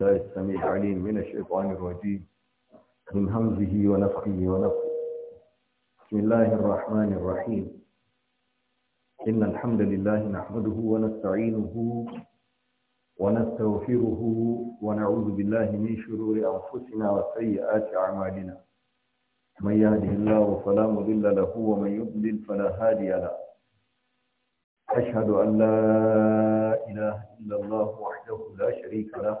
الله السميع العليم من الشيطان الرجيم من همزه ونفخه ونفخه بسم الله الرحمن الرحيم إن الحمد لله نحمده ونستعينه ونستغفره ونعوذ بالله من شرور أنفسنا وسيئات أعمالنا من يهده الله فلا مضل له ومن يضلل فلا هادي له أشهد أن لا إله إلا الله وحده لا شريك له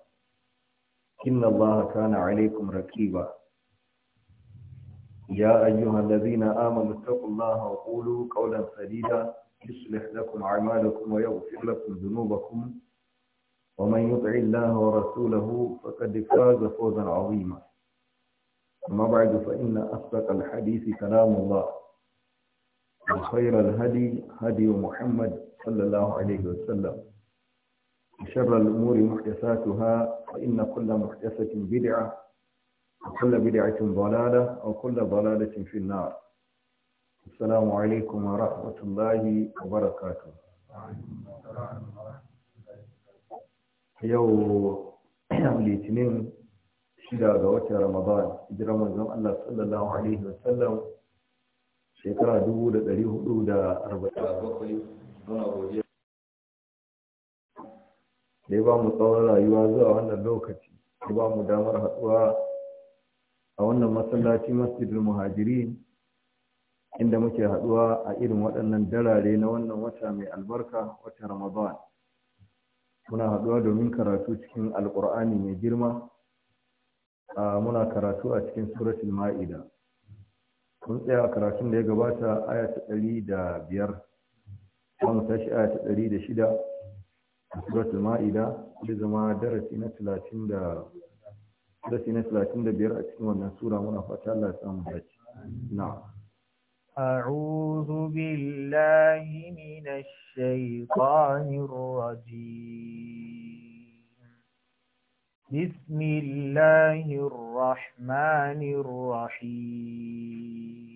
إن الله كان عليكم ركيبا يا أيها الذين آمنوا اتقوا الله وقولوا قولا سديدا يصلح لكم أعمالكم ويغفر لكم ذنوبكم ومن يطع الله ورسوله فقد فاز فوزا عظيما أما بعد فإن أصدق الحديث كلام الله وخير الهدي هدي محمد صلى الله عليه وسلم شر الأمور محدثاتها فإن كل محدثة بدعة وكل بدعة ضلالة أو كل ضلالة في النار السلام عليكم ورحمة الله وبركاته يوم الاثنين شدة غوات رمضان إذا رمضان الله صلى الله عليه وسلم شكرا دولة دليل دولة أربعة da ya ba mu tsawon rayuwa zuwa wannan lokaci ya ba mu damar haɗuwa a wannan masallaci masjidul muhajirin inda muke haɗuwa a irin waɗannan darare na wannan wata mai albarka wata ramadan muna haɗuwa domin karatu cikin alƙur'ani mai girma muna karatu a cikin suratul ma'ida kun tsaya karatun da ya gabata aya ta ɗari da biyar ba mu tashi aya ta ɗari da shida suratul ma'ida zai zama darasi na 30 da darasi 35 a cikin wannan sura muna fata Allah ya samu dace na a'udhu billahi minash shaitanir rajim bismillahir rahmanir rahim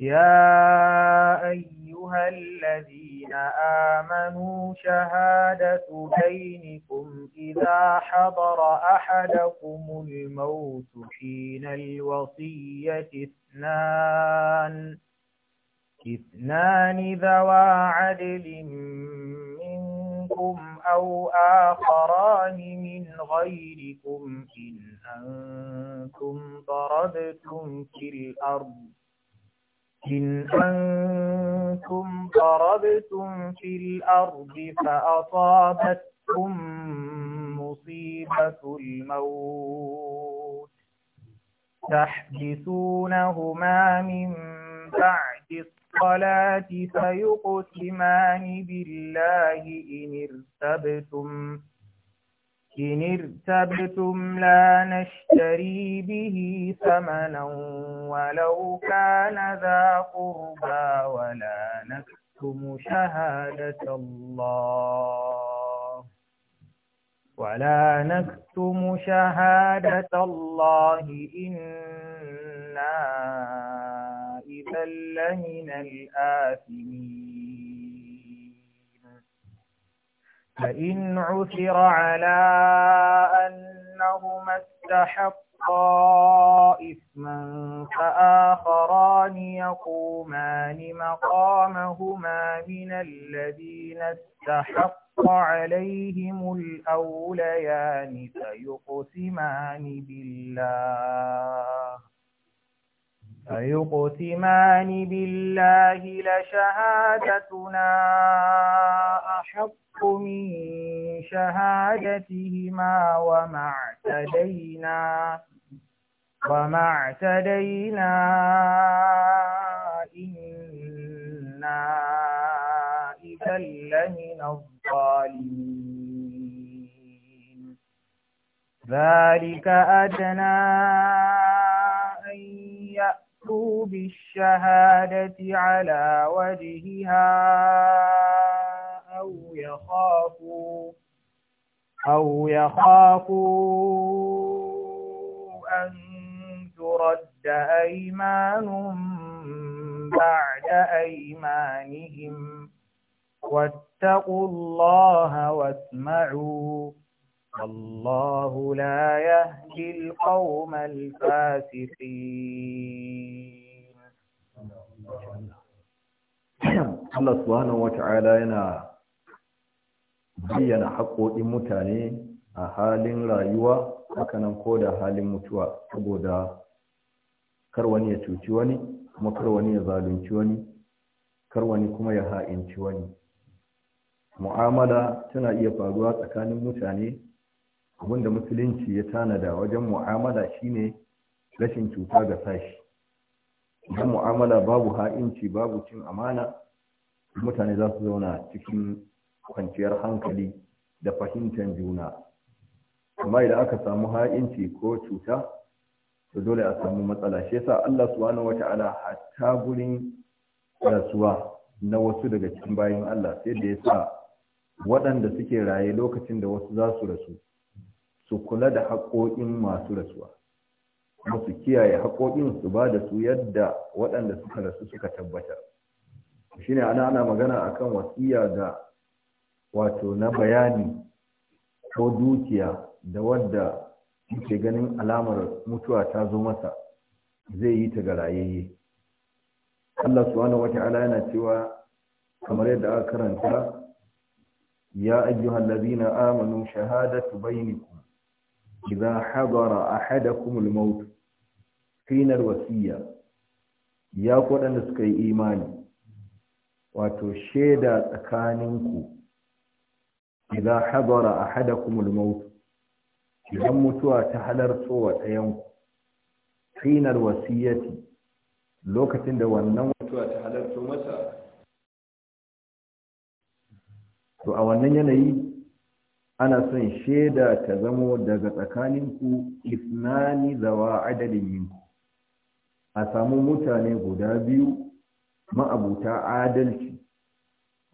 يا أيها الذين آمنوا شهادة بينكم إذا حضر أحدكم الموت حين الوصية اثنان اثنان ذوى عدل منكم أو آخران من غيركم إن أنتم ضربتم في الأرض إن أنتم ضربتم في الأرض فأصابتكم مصيبة الموت تحدثونهما من بعد الصلاة فيقسمان بالله إن ارتبتم إن ارتبتم لا نشتري به ثمنا ولو كان ذا قربى ولا نكتم شهادة الله ولا نكتم شهادة الله إنا إذا لمن الآثمين فإن عثر على أنهما استحقا إثما فآخران يقومان مقامهما من الذين استحق عليهم الأوليان فيقسمان بالله فيقسمان بالله لشهادتنا أحق من شهادتهما وما اعتدينا وما اعتدينا إنا إذا لمن الظالمين ذلك أدنى فأتوا بالشهادة على وجهها أو يخافوا أو يخافوا أن ترد أيمان بعد أيمانهم واتقوا الله واسمعوا والله لا يهدي القوم الفاسقين Allah subhanahu wata'ala yana bayyana haƙoƙin mutane a halin rayuwa hakanan ko da halin mutuwa saboda kar wani ya cuci wani kuma kar wani ya zalunci wani kar wani kuma ya ha'inci wani mu'amala tana iya faruwa tsakanin mutane da musulunci ya tanada wajen mu'amala shine rashin cuta ga sashi idan mu'amala babu ha'inci babu cin amana mutane za su zauna cikin kwanciyar hankali da fahimtar juna amma idan aka samu ha'inci ko cuta to dole a samu matsala shi yasa Allah subhanahu wata'ala hatta gurin rasuwa na wasu daga cikin bayan Allah sai da ya sa waɗanda suke raye lokacin da wasu za su rasu su kula da haƙoƙin masu rasuwa kuma su kiyaye haƙoƙin su ba da su yadda waɗanda suka rasu suka tabbata. shine ana ana magana kan wasiya da wato na bayani ko dukiya da wadda muke ganin alamar mutuwa ta zo masa zai yi ta garayayye Allah subhanahu wata'ala yana cewa kamar yadda aka karanta ya ayyuhal ladina amanu shahadatu bainakum idza hadara ahadakumul maut finar wasiya ya waɗanda suka yi imani wato shaida tsakaninku idza hadara ahadakumul maut idan mutuwa ta halarto wa ɗayanku finar wasiyati lokacin da wannan mutuwa ta halarto masa to a wannan yanayi ana son shaida ta zamo daga tsakaninku isnani zawa adadin minku a samu mutane guda biyu ma'abuta adalci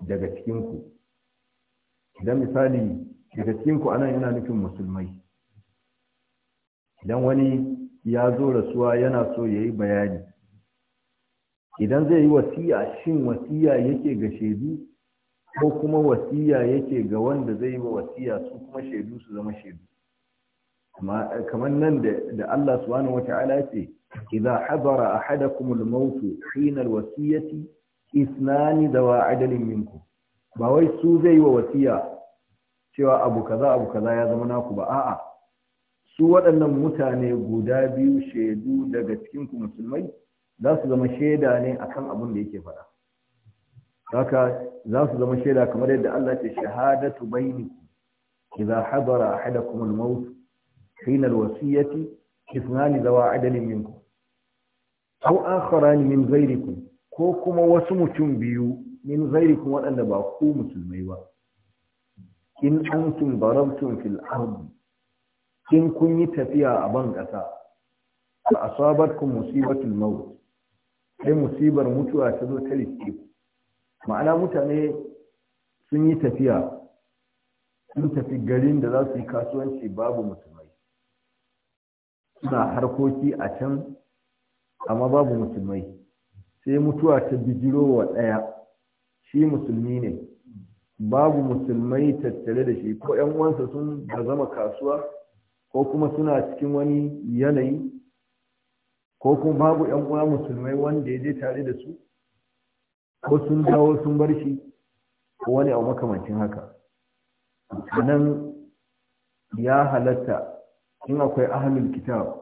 daga cikinku idan misali daga cikinku ana yana nufin musulmai idan wani ya zo rasuwa yana so ya yi bayani idan zai yi wasiya shin wasiya yake ga shaidu ko kuma wasiya yake ga wanda zai yi wasiya su kuma shaidu su zama shaidu eh, kamar nan da Allah subhanahu wata'ala ce idza hadara ahadakum al-maut hina al-wasiyati isnan dawa adalin minkum ba wai su zai yi wa wasiya cewa abu kaza abu kaza ya zama naku ba a'a su waɗannan mutane guda biyu shaidu daga cikin ku musulmai za su zama shaida ne akan abin da yake faɗa haka za su zama shaida kamar yadda Allah ce shahadatu baini idza hadara ahadakum al-maut hina al-wasiyati ithnani dawa adali minkum aw akharan min ghayrikum ko kuma wasu mutum biyu min ghayrikum waɗanda ba ku musulmai ba in antum darabtum fil ard in kun yi tafiya a ban ƙasa fa asabatkum musibatul maut sai musibar mutuwa ta zo ta rike ku ma'ana mutane sun yi tafiya sun tafi garin da za su yi kasuwanci babu musulmai suna harkoki a can amma babu musulmai sai mutuwa ta bijiro wa ɗaya shi musulmi ne babu musulmai tattare da shi ko 'yan uwansa sun zama kasuwa ko kuma suna cikin wani yanayi ko kuma babu 'yan uwa musulmai wanda ya je tare da su ko sun dawo sun bar shi ko wani abu makamancin haka nan ya halatta in akwai ahalin kitab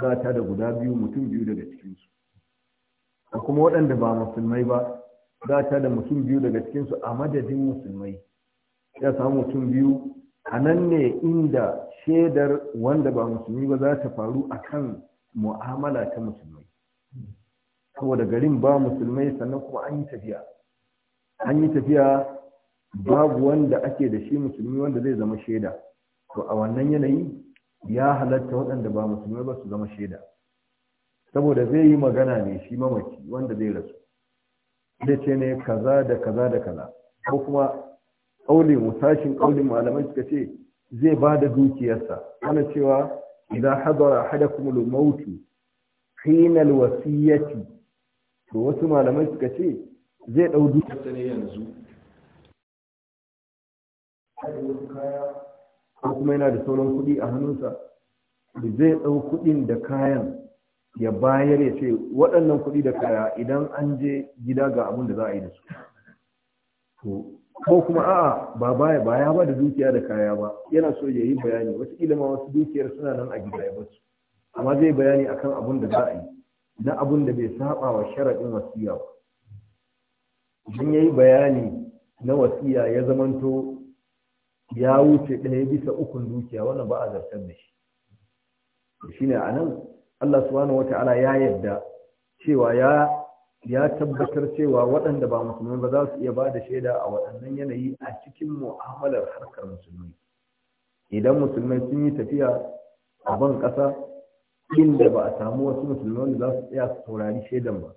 za ta da guda biyu mutum biyu daga cikinsu da kuma waɗanda ba musulmai ba za ta da mutum biyu daga cikinsu a madadin musulmai ya samu mutum biyu a nan ne inda shaidar wanda ba musulmi ba za ta faru akan mu'amala ta musulmai saboda garin ba musulmai sannan kuma an yi tafiya an yi tafiya babu wanda ake da shi musulmi wanda zai zama shaida to a wannan yanayi ya halatta waɗanda ba musulmai ba su zama shaida saboda zai yi magana ne shi mamaki wanda zai rasu zai ce ne kaza da kaza da kaza ko kuma ƙaulin musashin ƙaulin malamai suka ce zai ba da dukiyarsa ana cewa idan hadara kuma mautu hinal wasiyyati to wasu malamai suka ce zai ɗau dukiyarsa ne yanzu ko kuma yana da sauran kuɗi a hannunsa zai ɗau kuɗin da kayan ya bayar ya ce waɗannan kuɗi da kaya idan an je gida ga abin da za a yi da su ko kuma a'a ba baya ba ya ba da dukiya da kaya ba yana so ya yi bayani wasu ilima wasu dukiyar suna nan a gida ya basu amma zai bayani akan abin da za a yi na abun da bai saba wa sharaɗin wasiya ba idan ya yi bayani na wasiya ya zamanto ya wuce ɗaya bisa ukun dukiya wannan ba a zartar da shi shi ne anan allah subhanahu wata'ala ya yadda cewa ya ya tabbatar cewa waɗanda ba musulmi ba za su iya ba da shaida a waɗannan yanayi a cikin mu'amalar harkar musulmi idan musulmai sun yi tafiya a ban ƙasa inda ba a samu wasu musulman wanda za su tsaya su taurari shaidan ba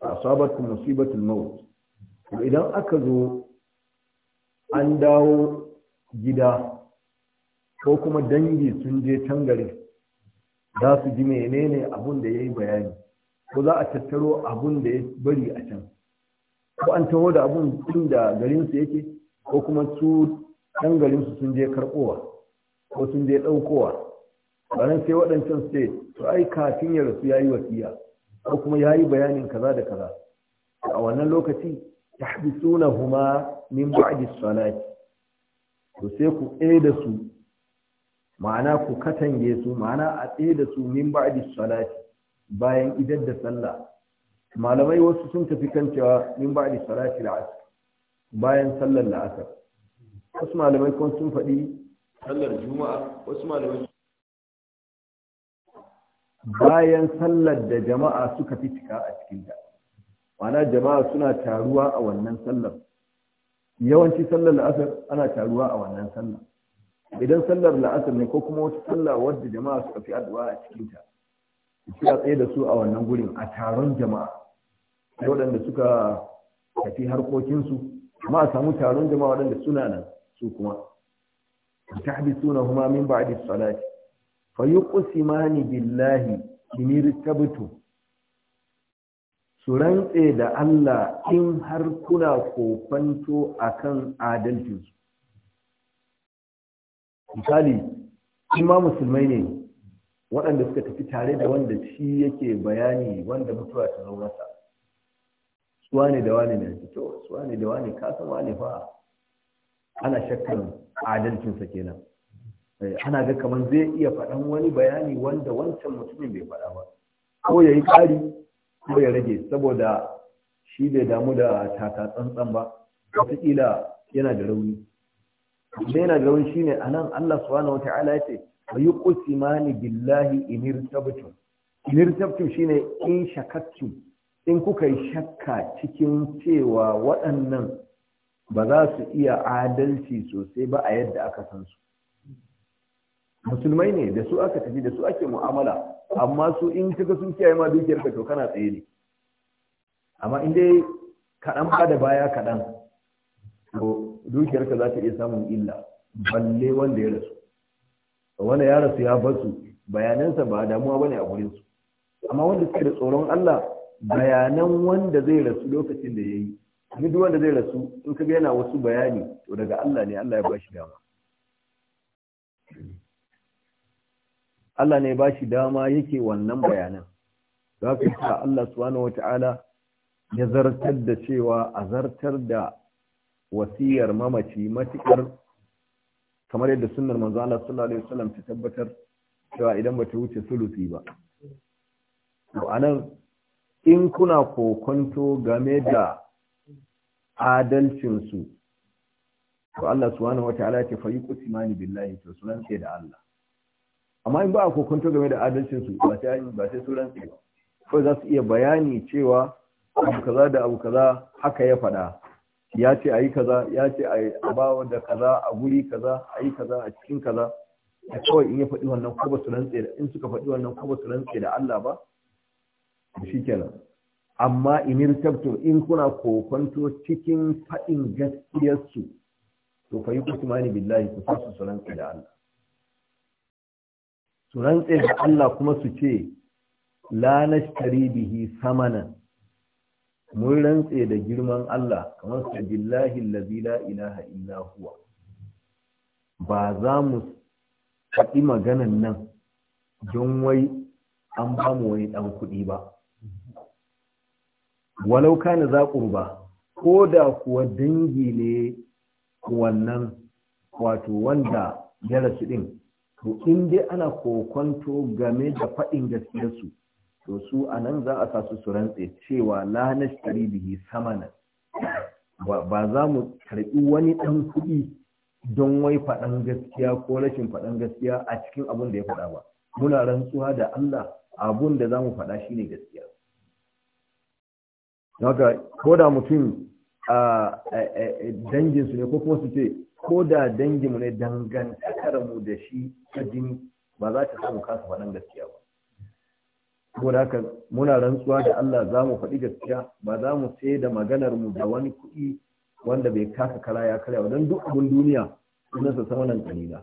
a sabatun musibatul maut idan aka zo an dawo gida ko kuma dangi sun je can gari za su ji menene abun da ya yi bayani ko za a tattaro abun da ya bari a can ko an taho da abun inda garinsu yake ko kuma su can garinsu sun je karbowa ko sun je ɗaukowa ranar sai waɗancan su to ai kafin ya rasu ya yi wasiya ko kuma ya yi bayanin kaza da kaza a wannan lokaci ta suna huma min ba'di salati to sai ku tsaye da su ma'ana ku katange su ma'ana a tsaye da su min ba'di salati bayan idan da sallah malamai wasu sun tafi kan cewa min ba'di salati al'asr bayan sallar la'asar wasu malamai kuma sun faɗi sallar juma'a wasu malamai bayan sallar da jama'a suka fi cika a cikinta ma'ana jama'a suna taruwa a wannan sallar yawanci sallar la'asar ana taruwa a wannan sallar idan sallar la'asar ne ko kuma wata sallar wadda jama'a suka fi addu'a a cikinta sai tsaye da su a wannan gurin a taron jama'a sai waɗanda suka tafi harkokinsu amma a samu taron jama'a waɗanda suna nan su kuma na huma min ba'di salati fa billahi in su rantse da Allah in har kuna kofanto akan adalcinsu misali in musulmai ne waɗanda suka tafi tare da wanda shi yake bayani wanda mutuwa ta zo masa suwa ne da wani ne fito suwa ne da wani kasan wani fa ana shakkar adalcinsa kenan Eh, ana ga kamar zai iya faɗan wani bayani wanda wancan mutumin bai faɗa ba ko ya yi ƙari ko ya rage saboda shi bai damu da taka tsantsan ba wataƙila yana da rauni da yana da rauni shine anan Allah subhanahu wa ta'ala ya ce wa yi kusimani billahi inir tabtum inir tabtum shine in shakattum in kuka shakka cikin cewa waɗannan ba za su iya adalci sosai ba a yadda aka san su musulmai ne da su aka tafi da su ake mu'amala amma su in kaga sun kiyaye ma dukiyar ka to kana tsaye ne amma in dai kaɗan ba da baya kaɗan to dukiyar ka za ta iya samun illa balle wanda ya rasu wanda ya rasu ya basu bayanansa ba damuwa bane a gurin su amma wanda suke da tsoron Allah bayanan wanda zai rasu lokacin da yayi duk wanda zai rasu in kaga yana wasu bayani to daga Allah ne Allah ya bashi dama Allah ne ba shi dama yake wannan bayanan za ka sa Allah subhanahu ya zartar da cewa a zartar da wasiyar mamaci matukar kamar yadda sunnar manzo Allah sallallahu alaihi wasallam ta tabbatar cewa idan ba ta wuce sulusi ba in kuna kokonto game da adalcinsu to Allah subhanahu ya ce fa billahi to sunan sai da Allah amma in ba a kokonto game da adalcin su ba sai ba sai suran su ko za su iya bayani cewa abu kaza da abu kaza haka ya faɗa ya ce ayi kaza ya ce a ba da kaza a guri kaza ayi kaza a cikin kaza da kawai in ya faɗi wannan ko ba su rantse da in suka faɗi wannan ko ba su rantse da Allah ba shi kenan amma in rikabto in kuna kokonto cikin faɗin gaskiyar su to fa yi kusmani billahi ku sa su rantse da Allah su rantse da Allah kuma su ce la nashtari bihi samanan mun rantse da girman Allah kamar su billahi allazi la ilaha illa huwa ba za mu faɗi maganan nan don wai an ba mu wani ɗan kuɗi ba walau kana za ba ko da kuwa dangi ne wannan wato wanda ya rasu ɗin to in dai ana kokonto game da faɗin gaskiyarsu to su a nan za a sa su su rantse cewa la nashtari bihi samana ba za mu karɓi wani ɗan kuɗi don wai faɗan gaskiya ko rashin faɗan gaskiya a cikin abin da ya faɗa ba muna rantsuwa da Allah abun da za mu faɗa shine gaskiya ko da mutum a danginsu ne ko kuma su ce ko da danginmu ne dangantakar mu da shi ta jini ba za ta samu kasa faɗan gaskiya ba Ko da haka muna rantsuwa da Allah za mu faɗi gaskiya ba za mu sai da maganar mu da wani kuɗi wanda bai kasa kara ya karya ba don duk abin duniya sunan sa sama nan kalila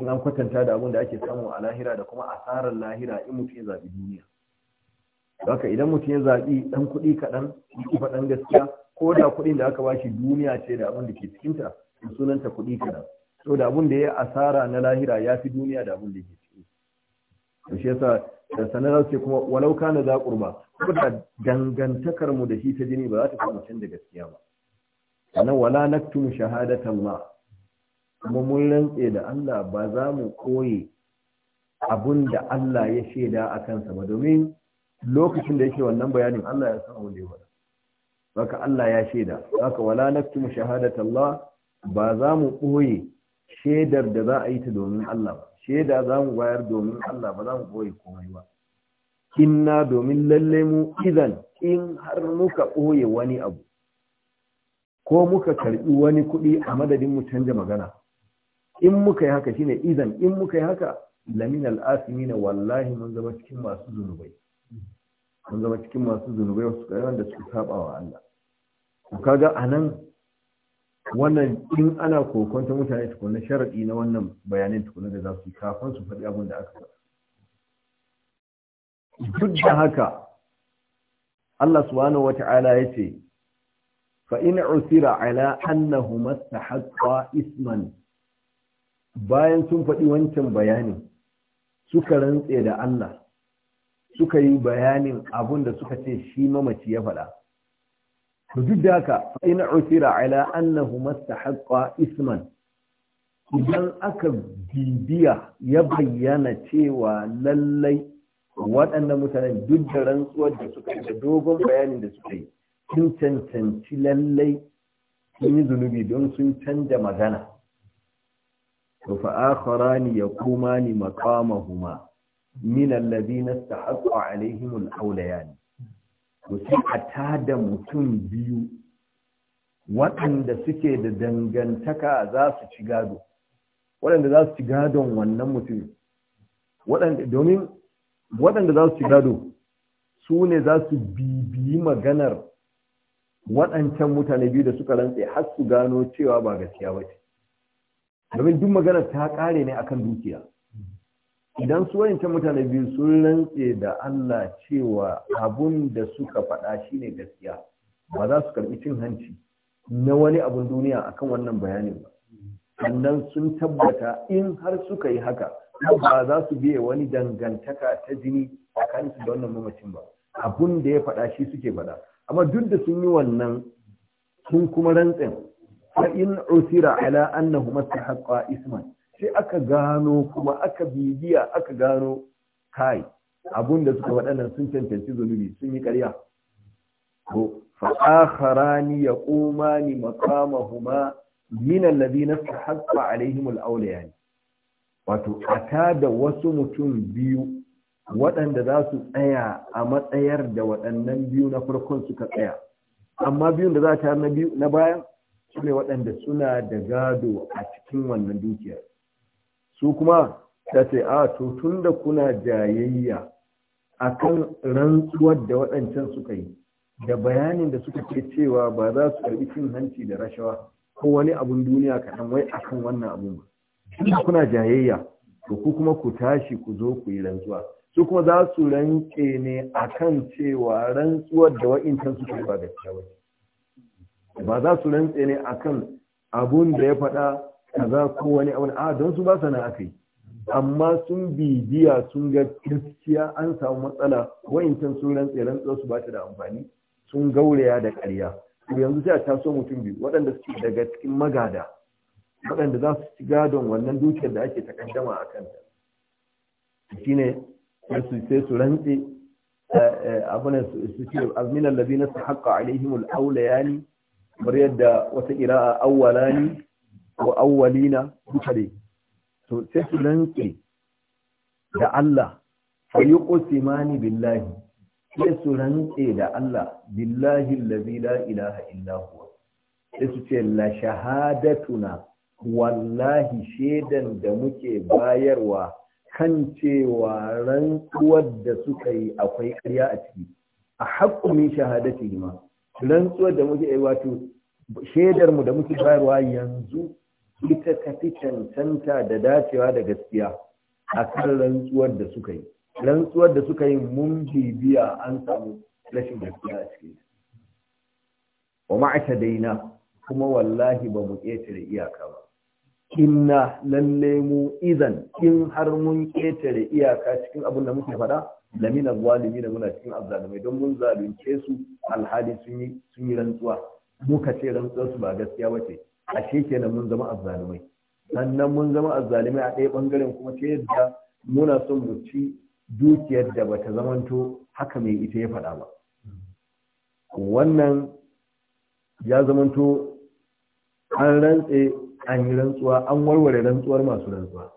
in an kwatanta da abin da ake samu a lahira da kuma asarar lahira in mutum ya zaɓi duniya haka idan mutum ya zaɓi ɗan kuɗi kaɗan ki faɗan gaskiya ko da kuɗin da aka ba duniya ce da abin da ke cikinta da sunanta kuɗi kaza so da abun da ya asara na lahira ya fi duniya da abun da ke ciki to shi yasa sanar ce kuma walau kana za kurba kuma dangantakar mu da shi ta jini ba za ta kama can da gaskiya ba sannan wala naktumu shahadatan ma kuma mun rantse da Allah ba za mu koyi abun da Allah ya shaida a kansa ba domin lokacin da yake wannan bayanin Allah ya san wanda ya faɗa baka Allah ya shaida baka wala naktumu shahadatan Allah ba za mu ɓoye shaidar da za a yi ta domin Allah ba shaida za mu bayar domin Allah ba za mu ɓoye komai ba inna domin lalle mu idan in har muka ɓoye wani abu ko muka karɓi wani kuɗi a madadin mu canja magana in muka yi haka shine idan in muka yi haka lamin al'asimi na wallahi mun zama cikin masu zunubai mun zama cikin masu zunubai wasu wanda suka saba wa Allah kaga anan wannan in ana kokonta mutane tukunan sharaɗi na wannan bayanin tukunan da za su yi kafin su faɗi abin da aka faɗa duk da haka Allah subhanahu wata'ala ya ce fa in usira ala annahu mastahaqqa isman bayan sun faɗi wancan bayanin suka rantse da Allah suka yi bayanin abun da suka ce shi mamaci ya faɗa to duk da haka in usira ala annahu mastahaqqa isman idan aka bibiya ya bayyana cewa lallai waɗannan mutanen duk da rantsuwar da suka yi da dogon bayanin da suka yi sun cancanci lallai sun yi zunubi don sun canja magana to fa kuma yaqumani maqamahuma min alladhina istahaqqa alaihim al to a tada mutum biyu waɗanda suke da dangantaka za su ci gado waɗanda za su ci gadon wannan mutum domin waɗanda za su ci gado su ne za su bibiyi maganar waɗancan mutane biyu da suka rantse har su gano cewa ba gaskiya ba ce domin duk maganar ta ƙare ne akan dukiya idan su wayancan mutane biyu sun rantse da Allah cewa abun da suka faɗa shine gaskiya ba za su karɓi cin hanci na wani abun duniya akan wannan bayanin ba sannan sun tabbata in har suka yi haka ba za su biye wani dangantaka ta jini kan su da wannan mamacin ba abun da ya faɗa shi suke faɗa amma duk da sun yi wannan sun kuma rantsen fa in usira ala annahu mastahaqqa isman sai aka gano kuma aka bibiya aka gano kai abun da suka waɗannan sun cancanci zunubi sun yi ƙarya to ni yaqumani huma min alladhina tahaqqa alaihim alawliyan wato aka da wasu mutum biyu waɗanda za su tsaya a matsayar da waɗannan biyu na farkon suka tsaya amma biyun da za ta na biyu na bayan su ne waɗanda suna da gado a cikin wannan dukiyar su kuma ta ce a to tun da kuna jayayya akan rantsuwar da waɗancan suka yi da bayanin da suka ce cewa ba za su karbi cin hanci da rashawa ko wani abun duniya kaɗan wai akan wannan abun ba tunda kuna jayayya to ku kuma ku tashi ku zo ku yi rantsuwa su kuma za su rantse ne a kan cewa rantsuwar da wa'incan suka yi ba gaskiya ba ba za su rantse ne a kan abun da ya faɗa kaza ko wani abu a don su ba sana kai. amma sun bibiya sun ga gaskiya an samu matsala wayancan sun rantse rantsuwar su ba ta da amfani sun gauraya da ƙarya to yanzu sai a taso mutum biyu waɗanda suke daga cikin magada waɗanda za su ci gadon wannan dukiyar da ake takaddama a kanta ne sai su rantse eh, eh, abin su ce azmin allazi na su haƙa alaihimul aulayani kamar yadda wata ƙira'a awwalani ko awwalina duka to sai su rantse da Allah fa yuqsimani billahi sai su rantse da Allah billahi allazi la ilaha illa huwa sai su ce la shahadatuna wallahi shedan da muke bayarwa kan cewa rantsuwar da suka yi akwai ƙarya a ciki a haƙƙumin shahadati ma rantsuwar da muke yi wato shedar mu da muke bayarwa yanzu ita ka fi cancanta da dacewa da gaskiya a kan rantsuwar da suka yi rantsuwar da suka yi mun bibiya an samu rashin gaskiya a cikin wa ma'aka daina kuma wallahi ba mu ƙetare iyaka ba inna lalle mu idan in har mun ƙetare iyaka cikin abin da muke faɗa lamina zalimi da muna cikin azzalumai don mun zalunce su alhali sun yi rantsuwa muka ce rantsuwar su ba gaskiya ba ce ashe kenan mun zama azzalumai sannan mun zama azzalumai a ɗaya bangaren kuma ta yadda muna son mu ci dukiyar da bata zamanto haka mai ita ya faɗa ba wannan ya zamanto an rantse an yi rantsuwa an warware rantsuwar masu rantsuwa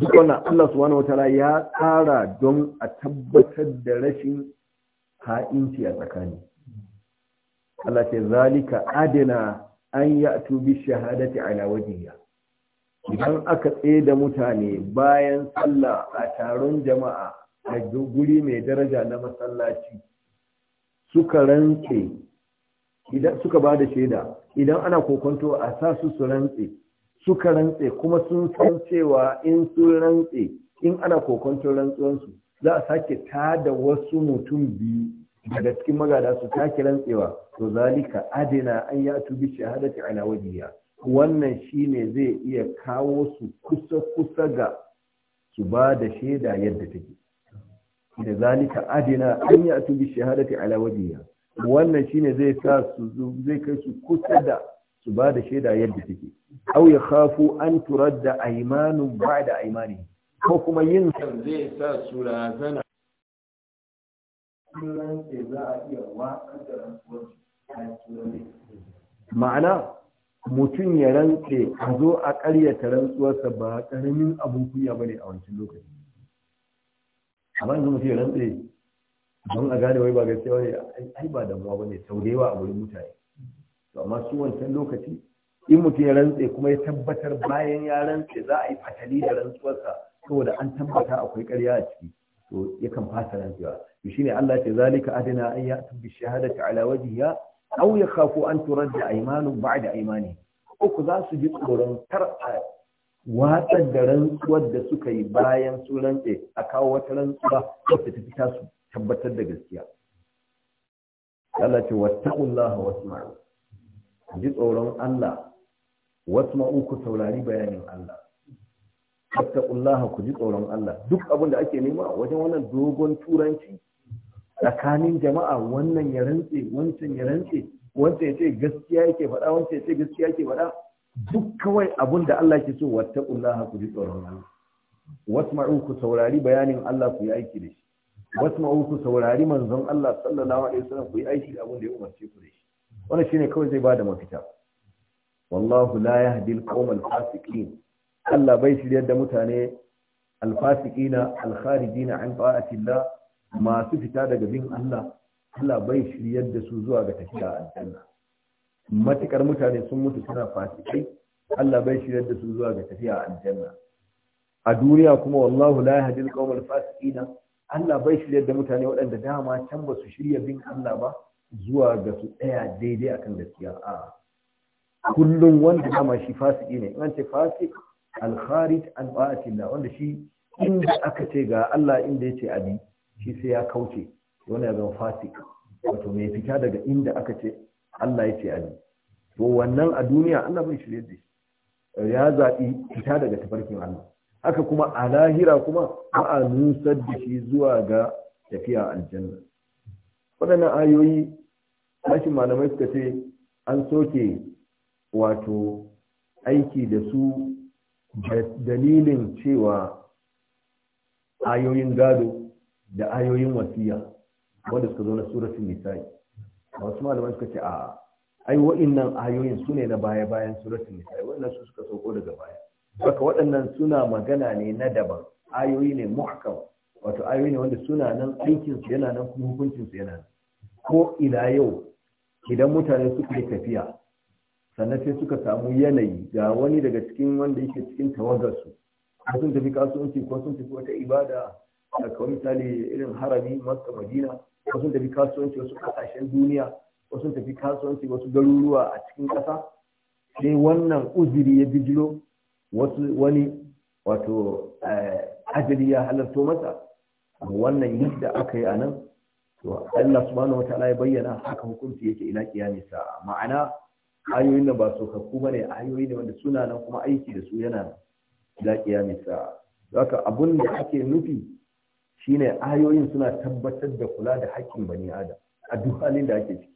duk wannan Allah subhanahu wataala ya tsara don a tabbatar da rashin ha'inci a tsakani Allah ce zalika adina an ya'tu bi shahadati ala wajhiha idan aka tsaye da mutane bayan sallah a taron jama'a a guri mai daraja na masallaci suka rantse idan suka ba da shaida idan ana kokonto a sa su su rantse suka rantse kuma sun san cewa in sun rantse in ana kokonto rantsuwansu za a sake tada wasu mutum biyu daga cikin magada su take rantsewa to zalika adina an ya tubi shahadati ala wajiya wannan shine zai iya kawo su kusa kusa ga su ba da shaida yadda take da zalika adina an ya tubi shahadati ala wajiya wannan shine zai sa su zai kai su kusa da su ba da shaida yadda take aw ya khafu an turadda aymanu ba'da aymani ko kuma yin zai sa su razana za a iya watsar da rantsuwar ma'ana mutum ya rantse a zo a ƙaryata rantsuwarsa ba ƙaramin abun kunya ba ne a wancan lokaci amma yanzu mutum ya rantse don a gane wai ba gaskiya ne ai ba damuwa ba ne sau da yawa a wurin mutane to amma su wancan lokaci in mutum ya rantse kuma ya tabbatar bayan ya rantse za a yi fatali da rantsuwarsa saboda an tabbata akwai ƙarya a ciki to yakan fasa rantsewa to shine Allah ce zalika adana an ya bi shahadati ala wajhiha aw yakhafu an turadda aymanu ba'da aymani uku za su ji tsoron tar a da rantsuwar da suka yi bayan su rantse a kawo wata rantsuwa wacce ta fita su tabbatar da gaskiya Allah ce wattaqullaha wasma'u ji tsoron Allah wasma'u ku saurari bayanin Allah fattaqullaha ku ji tsoron Allah duk abin da ake nema wajen wannan dogon turanci tsakanin jama'a wannan ya rantse wancan ya rantse wancan ya ce gaskiya yake faɗa wancan ya ce gaskiya yake faɗa duk kawai abin da Allah ke so wattaqullaha ku ji tsoron Allah wasma'u ku saurari bayanin Allah ku yi aiki da shi wasma'u ku saurari manzon Allah sallallahu alaihi wasallam ku yi aiki da abin da ya umarce ku da shi wannan shine kawai zai bada mafita wallahu la yahdi al-qawm fasiqin Allah bai shiryar da mutane al-fasiqina al-kharijina an ta'atillah masu fita daga bin Allah Allah bai shiryar da su zuwa ga tafiya a aljanna Matuƙar mutane sun mutu suna fasikai Allah bai shiryar da su zuwa ga tafiya a aljanna a duniya kuma wallahu la yahdi al fasiqina Allah bai shiryar da mutane waɗanda dama can ba su shirya bin Allah ba zuwa ga su tsaya daidai akan gaskiya a kullum wanda dama shi fasiki ne in ce fasik al kharij an wanda shi inda aka ce ga Allah inda ya yace abi shi sai ya kauce wani ya zama fasik wato mai fita daga inda aka ce Allah ya ce abi to wannan a duniya Allah bai shirye da ya zaɓi fita daga tafarkin Allah haka kuma a lahira kuma a nusar da shi zuwa ga tafiya aljanna waɗannan ayoyi rashin malamai suka ce an soke wato aiki da su dalilin cewa ayoyin gado da ayoyin wasiya wanda suka zo na suratul nisa'i wasu malaman suka ce a ai wa'annan ayoyin su ne na baya bayan suratul nisa'i wannan su suka sauko daga baya saka waɗannan suna magana ne na daban ayoyi ne muhkam wato ayoyi ne wanda suna nan aikin su yana nan kuma hukuncin su yana nan ko ila yau idan mutane suka yi tafiya sannan sai suka samu yanayi ga wani daga cikin wanda yake cikin tawagarsu ko sun tafi kasuwanci ko sun tafi wata ibada a kawai misali irin harami masu madina wasu tafi kasuwanci wasu kasashen duniya wasu tafi kasuwanci wasu garuruwa a cikin ƙasa sai wannan uziri ya bijilo wasu wani wato eh, ajali ya halarto masa wannan yadda aka yi a nan to Allah subhanahu wataala ya bayyana haka hukunci yake ila kiyami sa'a ma'ana ayoyin da ba sokakku bane ayoyi ne wanda suna nan kuma aiki da su yana ila kiyami sa'a haka abun da ake nufi shine ayoyin suna tabbatar da kula da haƙƙin bani adam a duk halin da ake ciki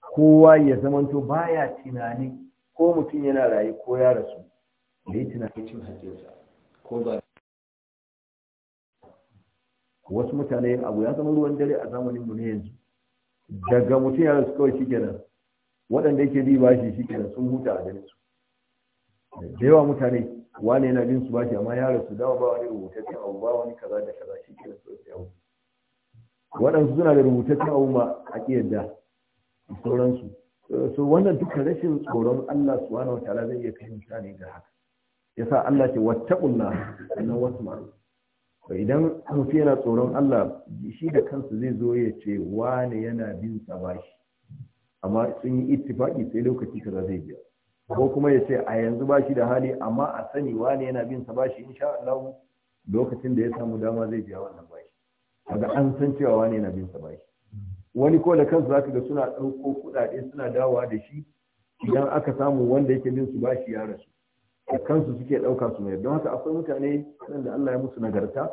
kowa ya zamanto baya tunani ko mutum yana raye ko ya rasu da ya tunani cin haƙƙinsa ko ba wasu mutane abu ya zama ruwan dare a zamanin mu ne yanzu daga mutum ya rasu kawai shikenan waɗanda yake bi bashi shikenan sun huta a ganin su da yawa mutane wani yana bin su bashi amma ya rasu dawa ba wani rubutaccen abu ba wani kaza da kaza shi ke da sosai waɗansu suna da rubutaccen abu ma a ƙiyarda sauransu so wannan duka rashin tsoron Allah su wani wata ala zai iya kai mutane da haka Ya sa Allah ce wattaqullah annan wasu maru." idan mutu yana tsoron Allah shi da kansu zai zo ya ce wane yana bin sa bashi amma sun yi ittifaki sai lokaci kaza zai biya ko kuma ya ce a yanzu ba shi da hali amma a sani wane yana bin sa bashi insha Allah lokacin da ya samu dama zai biya wannan bashi kaga an san cewa wane yana bin sa bashi wani ko da kansu zaka ga suna dauko kuɗaɗe suna dawowa da shi idan aka samu wanda yake bin su bashi ya rasu kansu suke dauka su mai don haka akwai mutane da Allah ya musu nagarta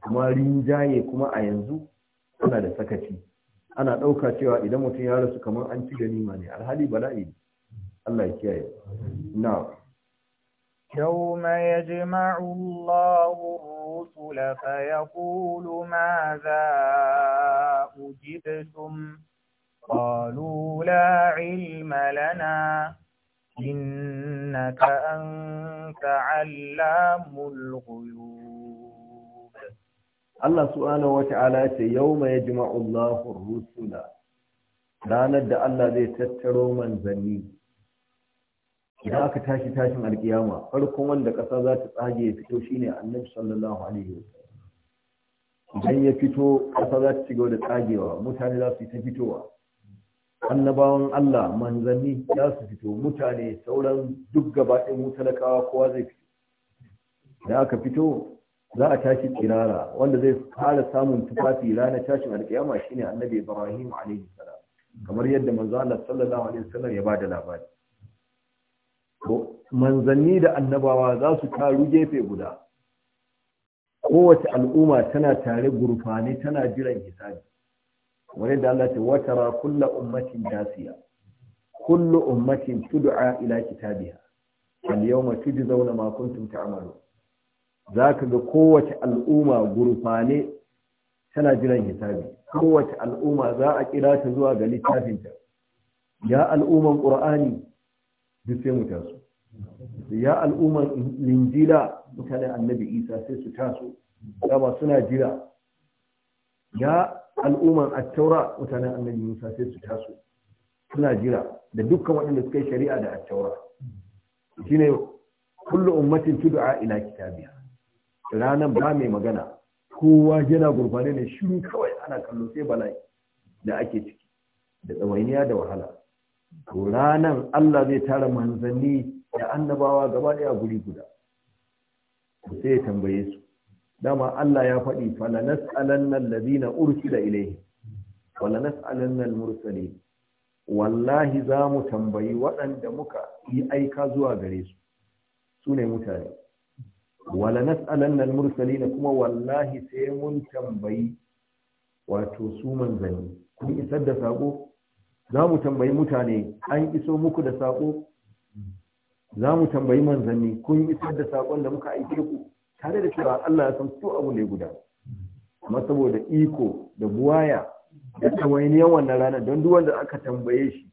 kuma rinjaye kuma a yanzu ana da sakaci ana dauka cewa idan mutum ya rasu kamar an ci ganima ne alhali bala'i ne Allah ya kiyaye na يوم يجمع الله الرسل فيقول ماذا أجبتم قالوا لا علم لنا إنك أنت علام الغيوب الله سبحانه وتعالى يوم يجمع الله الرسل ranar da Allah zai tattaro manzanni idan aka tashi tashin alkiyama farkon wanda ƙasa za ta tsage ya fito shine annabi sallallahu alaihi wasallam idan ya fito ƙasa za ta ci gaba da tsagewa mutane za su ta fitowa annabawan Allah manzanni za su fito mutane sauran duk gaba ɗaya mu talakawa kowa zai fito da aka fito za a tashi kirara wanda zai fara samun tufafi ranar tashin alkiyama shine annabi Ibrahim alaihi salam kamar yadda manzo Allah sallallahu alaihi wasallam ya bada labari manzanni da annabawa za su taru gefe guda kowace al'umma tana tare gurfane tana jiran hisabi Wani da Allah ce wata ra kulla ummatin dasiya kullu ummatin tud'a ila kitabiha al yawma tujzauna ma kuntum ta'malu zaka ga kowace al'umma gurfane tana jiran hisabi kowace al'umma za a kira ta zuwa ga littafinta ya al'umman qur'ani duk sai mu taso ya al'ummar linjila mutanen annabi isa sai su taso dama suna jira ya al'ummar attaura mutanen annabi musa sai su taso suna jira da dukkan waɗanda suka yi shari'a da attaura shine kullu ummatin tud'a ila kitabiha ranan ba mai magana kowa yana gurbane ne shiru kawai ana kallo sai bala'i da ake ciki da tsawainiya da wahala to ranan Allah zai tara manzanni da annabawa gaba daya guri guda sai ya tambaye su dama Allah ya faɗi fala nas'alanna allazina ursila ilayhi wala nas'alanna al mursali. wallahi za mu tambayi waɗanda muka yi aika zuwa gare su su ne mutane Walanas nas'alanna al-mursalin kuma wallahi sai mun tambayi wato su manzanni kun isar da sako za mu tambayi mutane an iso muku da saƙo za mu tambayi manzanni kun isar da saƙon da muka aike ku tare da cewa Allah ya san ko abu ne guda amma saboda iko da buwaya da tawainiyar wannan ranar don duk wanda aka tambaye shi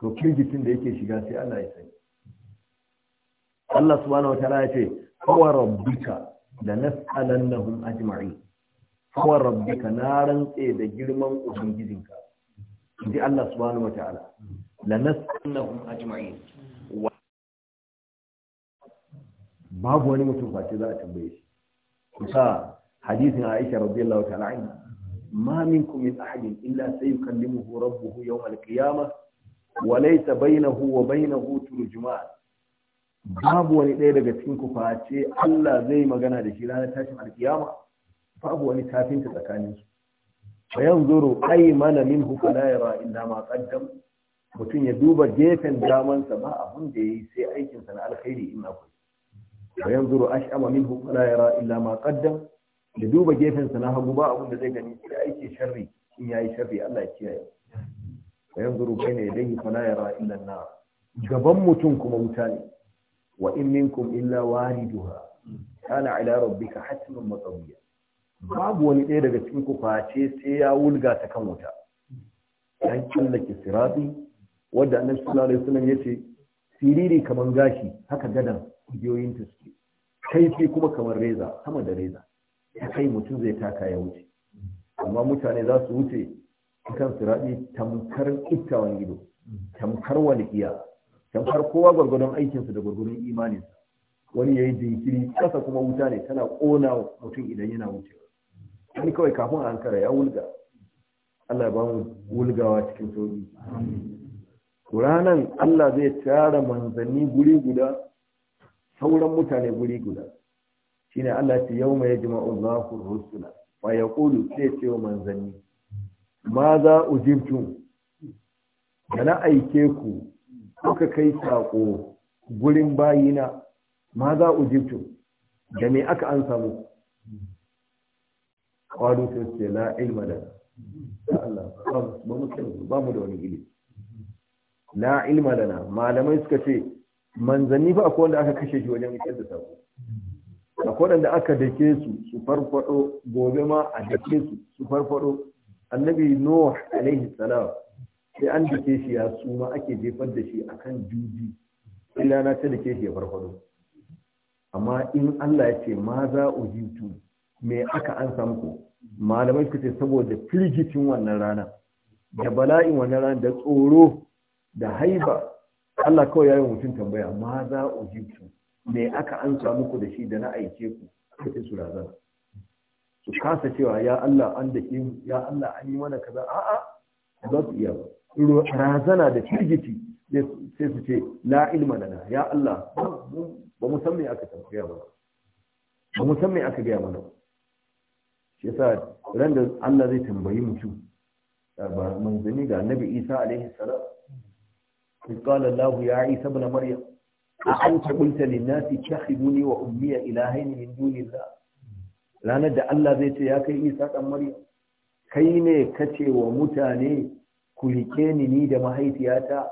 to kirgitin da yake shiga sai Allah ya sani Allah subhanahu wa ta'ala ya ce kawa rabbika da nas'alannahum ajma'in kawa rabbika na rantse da girman ubangijinka inji Allah subhanahu wataala lanasallahum ajma'in babu wani mutum face za a tambaye shi kusa hadisin Aisha radiyallahu ta'ala anha ma minkum min ahadin illa sayukallimuhu rabbuhu yawm al-qiyamah wa laysa bainahu wa bainahu turjuman babu wani ɗaya daga cikin ku face Allah zai magana da shi ranar tashin alkiyama babu wani tafinta tsakaninsu fayanzuru aymana minhu fala yara illa ma qaddam mutum ya duba gefen damansa ba abun da yayi sai aikin sa na alkhairi in akwai fayanzuru ash'ama minhu fala yara illa ma qaddam ya duba gefen sa na hagu ba abun da zai gani sai aikin sharri in yayi sharri Allah ya kiyaye fayanzuru bayna yadayhi fala yara illa an gaban mutum kuma wuta ne wa in minkum illa wariduha kana ala rabbika hatman matsawiya babu wani ɗaya daga cikin ku sai ya wulga ta kan wuta yan tsallake sirati wadda annabi sallallahu alaihi wasallam yace siriri kaman gashi haka gadan igiyoyin ta suke kaifi kuma kamar reza sama da reza ya kai mutum zai taka ya wuce amma mutane za su wuce kan sirati tamkar ittawan ido tamkar iya, tamkar kowa gwargwadon aikinsa da gwargwadon imaninsa wani ya yi jinkiri kasa kuma wuta ne tana kona mutum idan yana wucewa ni kawai kafin a ankara ya wulga Allah ba mu wulgawa cikin sauki ranan Allah zai tara manzanni guri guda sauran mutane guri guda shine Allah ce yau mai jima'u Allahu rusula fa yaqulu sai ce wa manzanni ma za ujibtu da na aike ku kuka kai sako gurin bayina ma za ujibtu da me aka ansa muku qalu sai ce la ilma da Allah ba mu ba da wani ilimi la ilma lana malamai suka ce manzanni ba akwai wanda aka kashe shi wajen isar da sako akwai wanda aka dake su su farfado gobe ma a dake su su farfado annabi nuh alaihi salam sai an dake shi ya suma ake jefar da shi akan juji illa na ta dake shi ya farfado amma in Allah ya ce ma za ujitu me aka an samu malamai suka ce saboda firgitin wannan rana da bala'in wannan rana da tsoro da haiba Allah kawai ya yi mutum tambaya ma za ujibtu me aka an samu ku da shi da na aike ku kace su razana su kasa cewa ya Allah an da ke ya Allah an yi mana kaza a'a za su iya ba razana da firgiti sai su ce la ilma lana ya Allah ba mu san me aka tambaya ba ba mu san me aka gaya mana ba shi yasa ran da Allah zai tambayi mutum ba manzumi ga annabi Isa alaihi salam qala Allah ya Isa ibn Maryam a ta qulta lin nasi takhibuni wa ummi ilahin min dunillah ranar da Allah zai ce ya kai Isa dan Maryam kai ne kace wa mutane ku rike ni ni da mahaifiyata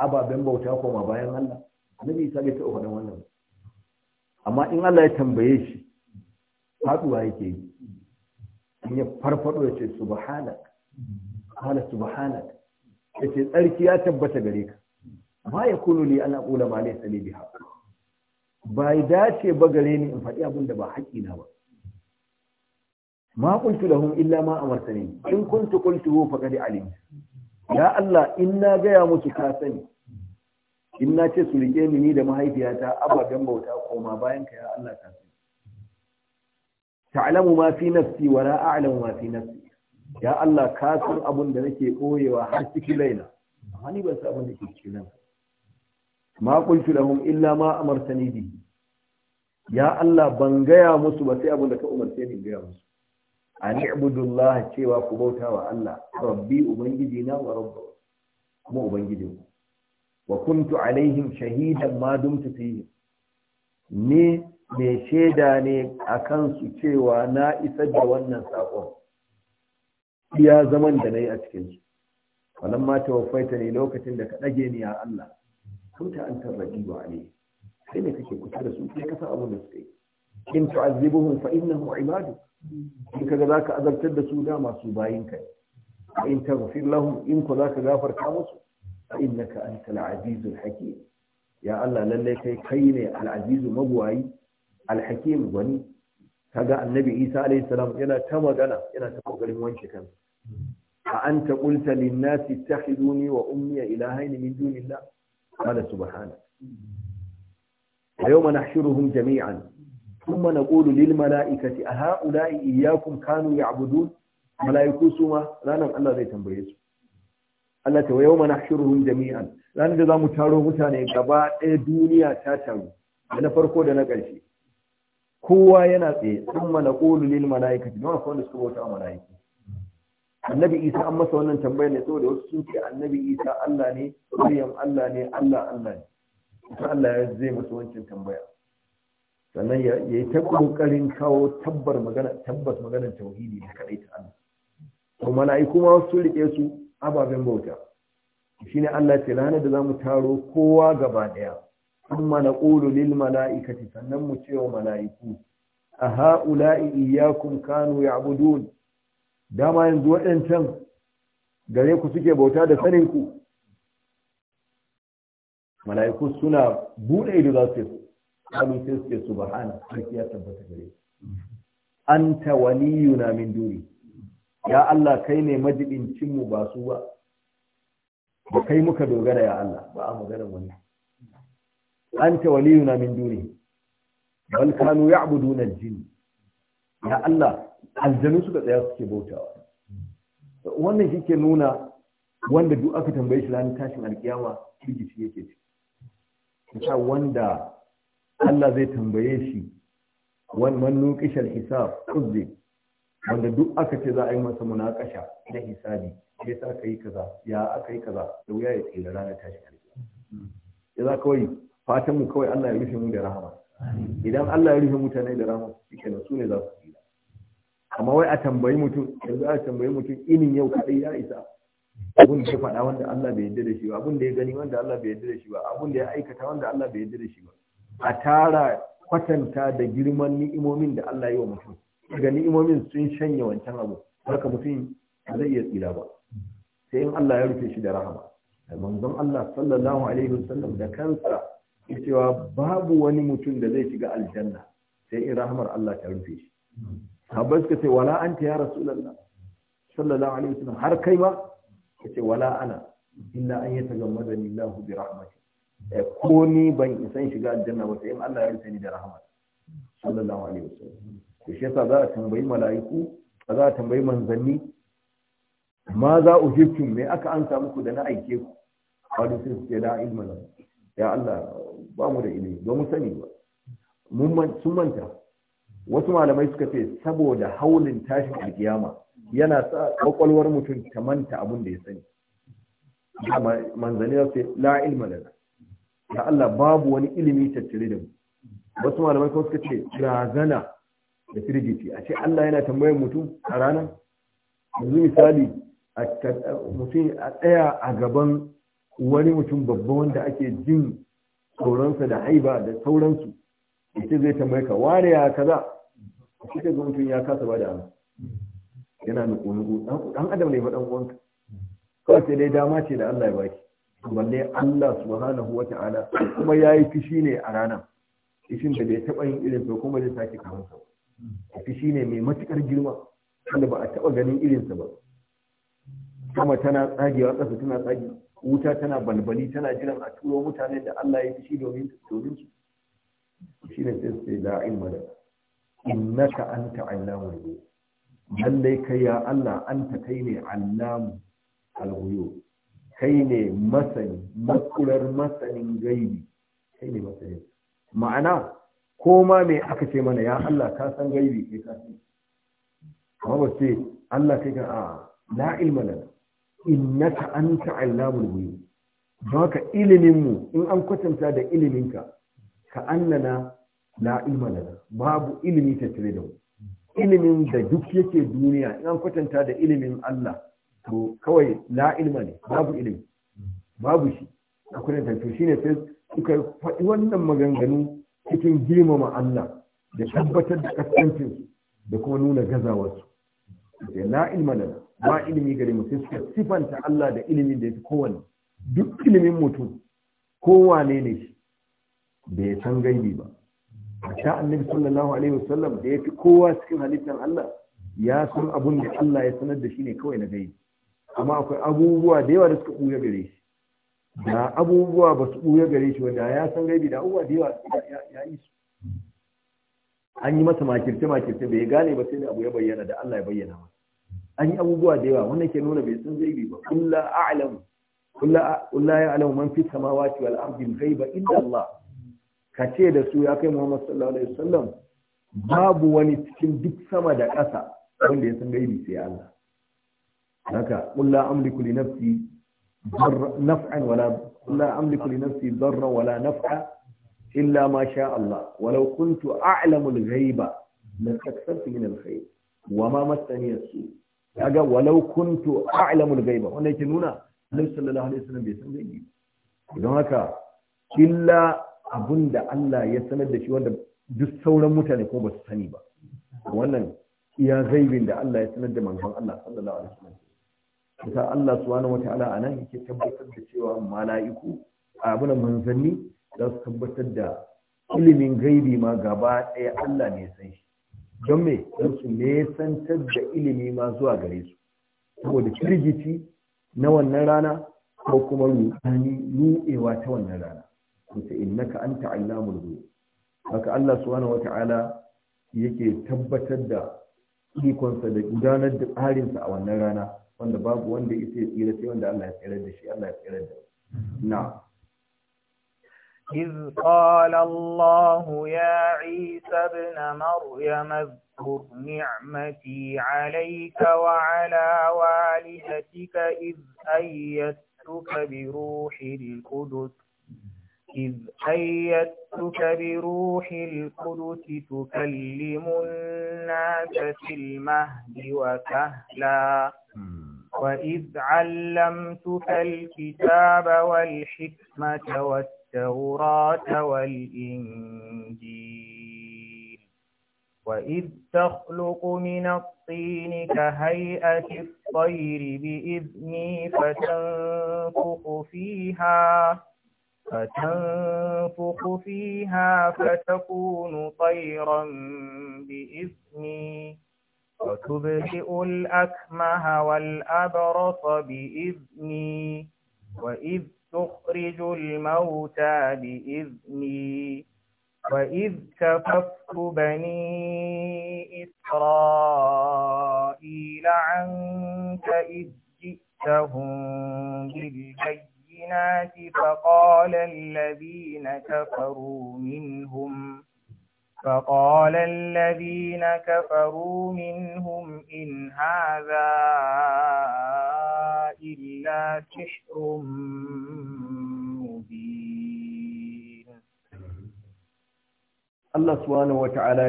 ababen bauta koma bayan Allah annabi Isa bai taɓa faɗan wannan amma in Allah ya tambaye shi faduwa yake yi in ya farfado ya ce subhanak qala subhanak ya ce tsarki ya tabbata gare ka ma kunu li an aqula ma laysa li biha bai dace ba gare ni in faɗi abin da ba haƙi na ba ma kuntu lahum illa ma amartani in kuntu qultuhu faqad alim ya Allah in na gaya musu ka sani in na ce su rike ni da mahaifiyata ababen bauta koma bayan ka ya Allah ka sani ta'lamu ma fi nafsi wa la a'lamu ma fi nafsi ya Allah ka san abin da nake koyewa har cikin raina amma ni ban san abin da ke cikin nan. ma qultu lahum illa ma amartani bi ya Allah ban gaya musu ba sai abin da ka umarce ni gaya musu an ibudullah cewa ku bauta wa Allah rabbi ubangiji na wa rabbu kuma ubangiji ku wa kuntu alaihim shahidan ma dumtu fihi ni mai shaida ne a kansu cewa na isar da wannan saƙon iya zaman da na yi a cikinsu wannan mata wafaita ne lokacin da ka ɗage ni a Allah kun ta an tarraɗi ba ne sai ne kake kusa da su sai ka san abin da suka yi in tu'azzibuhum fa innahum ibadu in kaga zaka azabtar da su da masu bayin kai in taghfir lahum in ko zaka gafarta musu fa innaka antal azizul hakim ya Allah lalle kai kai ne al azizu mabwayi alhakim gwani kaga annabi isa alaihi salam yana ta magana yana ta kokarin wanke kan a anta qulta lin nasi ittakhiduni wa ummi ilahaini min dunillah qala subhana wa yawma nahshuruhum jami'an thumma naqulu lil mala'ikati a ha'ula'i iyyakum kanu ya'budun mala'iku suma ranan Allah zai tambaye su Allah ta yawma nahshuruhum jami'an ranan da zamu taro mutane gaba ɗaya duniya ta taru da na farko da na ƙarshe kowa yana tsaye sun mana ƙolu lil mala'ika don wanda wanda suka bauta wa mala'iku annabi isa an masa wannan tambayar ne saboda wasu sun ce annabi isa allah ne maryam allah ne allah allah ne ita allah ya zai masa wancan tambaya sannan ya yi ta ƙoƙarin kawo tabbar magana tabbas maganar tauhidi da kaɗai ta allah to mala'iku ma wasu riƙe su ababen bauta shine allah ce ranar da za mu taro kowa gaba ɗaya mana ثم نقول للملائكة سنم تشيو ملائكو أهؤلاء إياكم كانوا يعبدون داما ينزو أنتم gare ku suke bauta da saninku mala'iku suna buɗe ido za su yi suke subhana sarki ya tabbata gare anta waliyuna min duni ya Allah kai ne majibincin mu basu su ba da muka dogara ya Allah ba a maganar wani anta waliyuna min duni bal kanu ya'buduna al-jinn ya Allah aljanu suka tsaya suke bautawa wannan shi ke nuna wanda duk aka tambaye shi ranar tashin alkiyama firgici yake ci kusa wanda Allah zai tambaye shi wannan nukishar hisab kuzzi wanda duk aka ce za a yi masa munakasha na hisabi sai sa ka yi kaza ya aka yi kaza da wuya ya tsira ranar tashin alkiyama ya za kawai fatan mu kawai Allah ya rufe mu da rahama idan Allah ya rufe mutane da rahama shikenan su ne za su tsira amma wai a tambayi mutum yanzu a tambayi mutum inin yau kadai ya isa abun da ya faɗa wanda Allah bai yarda da shi ba abun da ya gani wanda Allah bai yarda da shi ba abun da ya aikata wanda Allah bai yarda da shi ba a tara kwatanta da girman ni'imomin da Allah ya yi wa mutum daga ni'imomin sun shanya wancan abu haka mutum ba zai iya tsira ba sai in Allah ya rufe shi da rahama da manzon Allah sallallahu alaihi wasallam da kansa ya cewa babu wani mutum da zai shiga aljanna sai in rahamar Allah ta rufe shi sahabbai suka ce wala anta ya rasulullah sallallahu alaihi wasallam har kai ba ya ce wala ana illa an yatagammadani Allah bi rahmati eh, ko ni ban isan shiga aljanna ba sai in Allah ya rufe ni da rahama sallallahu alaihi wasallam to shi yasa za a tambayi mala'iku za a tambayi manzanni ma za ujibtum me aka ansa muku da na aike ku qalu sun ce la ilma ya Allah ba mu da ilimi ba mu sani ba sun manta wasu malamai suka ce saboda haulin tashin alkiyama yana sa kwakwalwar mutum ta manta abin da ya sani manzanni sai, la ilma lana da Allah babu wani ilimi tattare da mu wasu malamai kuma suka ce razana da firgici a ce Allah yana tambayar mutum a ranar yanzu misali mutum a tsaya a gaban wani mutum babba wanda ake jin sauransa da haiba da sauransu ya ce zai ta maika ware ya kaza shi ka ga mutum ya kasa ba da ana yana da kunugu dan adam ne dan uwanka kawai sai dai dama ce da Allah ya baki balle Allah subhanahu wa ta'ala kuma ya yi fishi ne a rana. fishin da bai taɓa yin irin sa kuma zai sake kawo sa fishi ne mai matukar girma wanda ba a taɓa ganin irinsa ba Kuma tana tsagewa kasa tana tsagewa wuta tana balbali tana jiran a turo mutane da Allah ya shi domin domin su shi ne sai sai la ilma da innaka anta allamul ghuyub lallai kai ya Allah anta kai ne allamu al-ghuyub kai ne masani makurar masanin gaibi kai ne masani ma'ana ko ma me aka ce mana ya Allah ka san gaibi kai ka san amma ba sai Allah kai ka a la ilma lana innaka anta allamul ghuyub baka ilimin mu in an kwatanta da iliminka ka annana la ilma babu ilimi tare da ilimin da duk yake duniya in an kwatanta da ilimin Allah to kawai la ilma ne babu ilimi babu shi a kwatanta to shine sai suka faɗi wannan maganganu cikin girmama Allah da tabbatar da kaskancin da kuma nuna gazawarsu la ilma lana ba ilimi gare mu sai suka sifanta Allah da ilimin da ya fi kowanne duk ilimin mutum kowa ne ne shi bai san gaibi ba A sha annabi sallallahu alaihi wasallam da ya fi kowa cikin halittar Allah ya san abun da Allah ya sanar da shi ne kawai na gaibi amma akwai abubuwa da yawa da suka ɓuya gare shi da abubuwa ba su ɓuya gare shi wanda ya san gaibi da abubuwa da yawa ya yi su an yi masa makirce makirce bai gane ba sai da abu ya bayyana da Allah ya bayyana masa an yi abubuwa da yawa wannan ke nuna bai san zai ba kulla a'lamu kulla ya alamu man fi samawati wal ardi ghaiba illa Allah ka ce da su ya kai Muhammad sallallahu alaihi wasallam babu wani cikin duk sama da ƙasa wanda ya san gaibi sai Allah haka kulla amliku li nafsi naf'an wala kulla amliku li nafsi darra wala naf'a illa ma sha Allah walau kuntu a'lamu al-ghaiba la min al-khair wa ma massani su kaga walau kuntu a'lamul ghaiba wanda yake nuna annabi sallallahu alaihi wasallam bai san gaibi don haka illa abinda Allah ya sanar da shi wanda duk sauran mutane ko ba su sani ba wannan iya gaibin da Allah ya sanar da manzon Allah sallallahu alaihi wasallam kusa Allah subhanahu wataala anan yake tabbatar da cewa mala'iku abuna manzanni za su tabbatar da ilimin gaibi ma gaba ɗaya Allah ne ya san shi don me don su nesantar da ilimi ma zuwa gare su saboda firgici na wannan rana ko kuma ruɗani ruɗewa ta wannan rana kusa innaka an ta'alla ghuyub haka Allah subhanahu wata'ala yake tabbatar da ikonsa da gudanar da tsarinsa a wannan rana wanda babu wanda ya tsira sai wanda Allah ya tsirar da shi Allah ya tsirar da na إذ قال الله يا عيسى ابن مريم اذكر نعمتي عليك وعلى والدتك إذ أيدتك بروح القدس إذ أيدتك بروح القدس تكلم الناس في المهد وكهلا وإذ علمتك الكتاب والحكمة والسلام التوراة والإنجيل وإذ تخلق من الطين كهيئة الطير بإذني فتنفخ فيها فتنفخ فيها فتكون طيرا بإذني وتبرئ الأكمه والأبرص بإذني وإذ تخرج الموتى بإذني وإذ كففت بني إسرائيل عنك إذ جئتهم بالبينات فقال الذين كفروا منهم فقال الذين كفروا منهم إن هذا إلا سحر مبين الله سبحانه وتعالى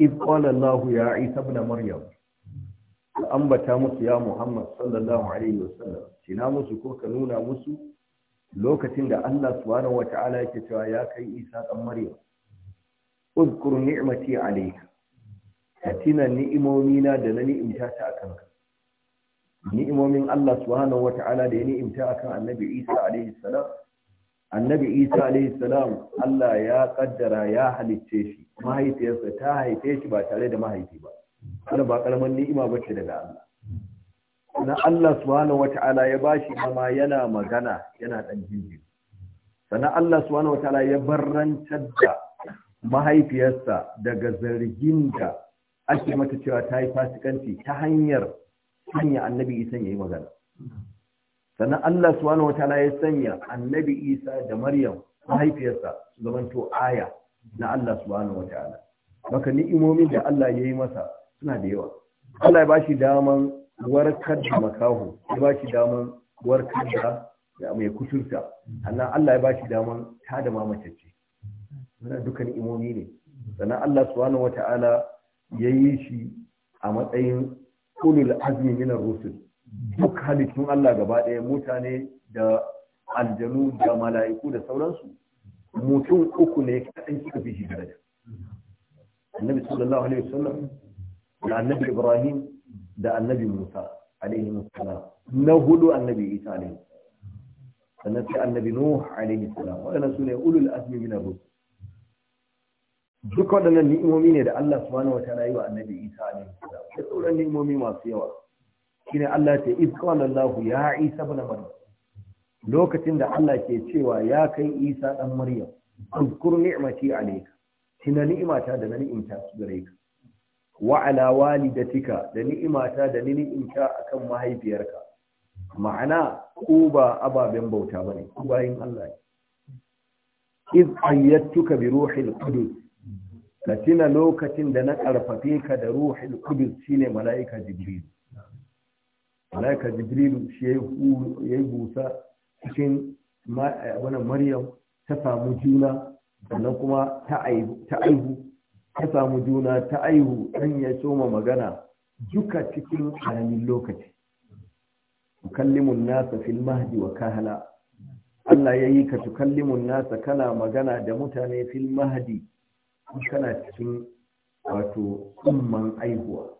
إذ قال الله يا عيسى ابن مريم ambata musu ya Muhammad sallallahu alaihi wasallam tina musu ko ka nuna musu lokacin da Allah subhanahu wataala yake cewa ya kai Isa dan Maryam uzkur ni'mati alayka katina ni'imomina da na ni'imta ta akan ka ni'imomin Allah subhanahu wata'ala da ya ni'imta akan annabi Isa alaihi salam annabi Isa alaihi salam Allah ya kaddara ya halicce shi mahaifiyarsa ta haife shi ba tare da mahaifi ba wannan ba karaman ni'ima bace daga Allah na Allah subhanahu wata'ala ya bashi kuma yana magana yana dan jinjiri sannan Allah subhanahu wata'ala ya barrantar da mahaifiyarsa daga zargin da ake mata cewa ta yi fasikanci ta hanyar sanya annabi isa ya yi magana sannan Allah ya sanya annabi isa da maryam mahaifiyarsa su zamanto aya na Allah wata ala baka ni'imomin da Allah ya yi masa suna da yawa Allah ya bashi daman warkar da makaho ya bashi daman warkar da mai kuturta anan Allah ya bashi daman ta da mamacece suna duka ni'imomi ne sannan Allah subhanahu wata'ala ya yi shi a matsayin ulul azmi minar rusul duk halittun Allah gaba ɗaya mutane da aljanu da mala'iku da sauransu mutum uku ne kaɗan kika fi shi daraja annabi sallallahu alaihi wasallam da annabi ibrahim da annabi musa alaihi wasallam na hudu annabi isa ne. sannan sai annabi nuh alaihi salam waɗannan su ne ulul azmi minar rusul duk waɗannan ni'imomi ne da Allah subhanahu wa ta'ala yi wa annabi Isa alaihi salam da sauran ni'imomi masu yawa shine Allah ta iz qala Allah ya Isa ibn Maryam lokacin da Allah ke cewa ya kai Isa dan Maryam uzkur ni'mati alayka tina ni'imata da na ni'imta su gare ka wa ala walidatika da ni'imata da ni ni'imta akan mahaifiyarka ma'ana ku ba ababen bauta bane ku bayin Allah iz ayyatuka bi ruhil qudus ka lokacin da na ƙarfafe ka da ruhul Kudus shine mala'ika jibril mala'ika jibril shi yayi busa cikin wannan maryam ta samu juna sannan kuma ta aihu ta samu juna ta aihu dan ya soma magana duka cikin ƙaramin lokaci tukallimun nasa fil mahdi wa kahala Allah ya yi ka tukallimun nasa kana magana da mutane fil mahdi in kana cikin wato tsumman aihuwa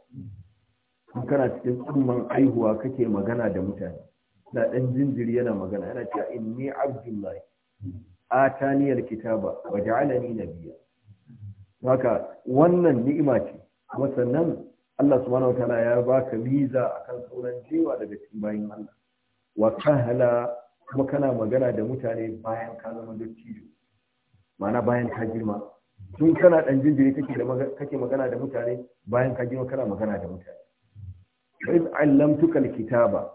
in kana cikin tsumman aihuwa kake magana da mutane na dan jinjiri yana magana yana cewa inni abdullahi ataniyar kitaba wa ja'alani nabiyya haka wannan ni'ima ce kuma sannan Allah subhanahu wataala ya baka miza akan sauran jewa daga cikin bayin Allah wa kahala kuma kana magana da mutane bayan ka zama dattijo ma'ana bayan ka girma tun kana ɗan jinjiri kake magana da mutane bayan ka girma kana magana da mutane in allamtuka alkitaba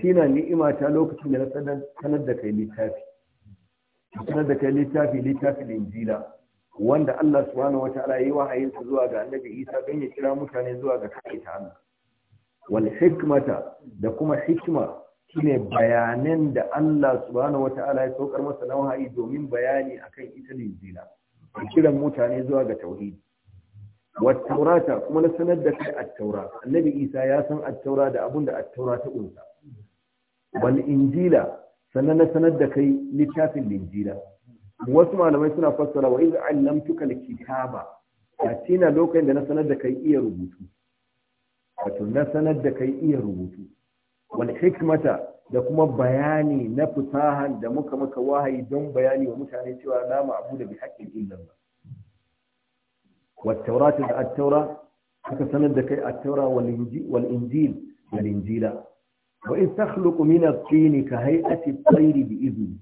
tina ni'ima ta lokacin da na sanar da kai littafi sanar da kai littafi littafi da injila wanda Allah subhanahu wataala yayi wahayin sa zuwa ga annabi Isa don ya kira mutane zuwa ga kai ta Allah wal hikmata da kuma hikma shine bayanan da Allah subhanahu wataala ya saukar masa na wahayi domin bayani akan ita injila kiran mutane zuwa ga tauhidi wa kuma na sanar da kai attaura. annabi isa ya san attaura da abun da at ta kunsa wal injila sannan na sanar da kai littafin injila. wasu malamai suna fassara wa iz allamtuka al ya tina lokacin da na sanar da kai iya rubutu wato na sanar da kai iya rubutu wal hikmata da kuma bayani na fasahan da muka maka wahayi don bayani wa mutane cewa la da bi haƙƙin illa ba. wa tawrat da at-taura aka sanar da kai at-taura wal injil da injila wa in takhluqu min at ka hai at-tayr bi idni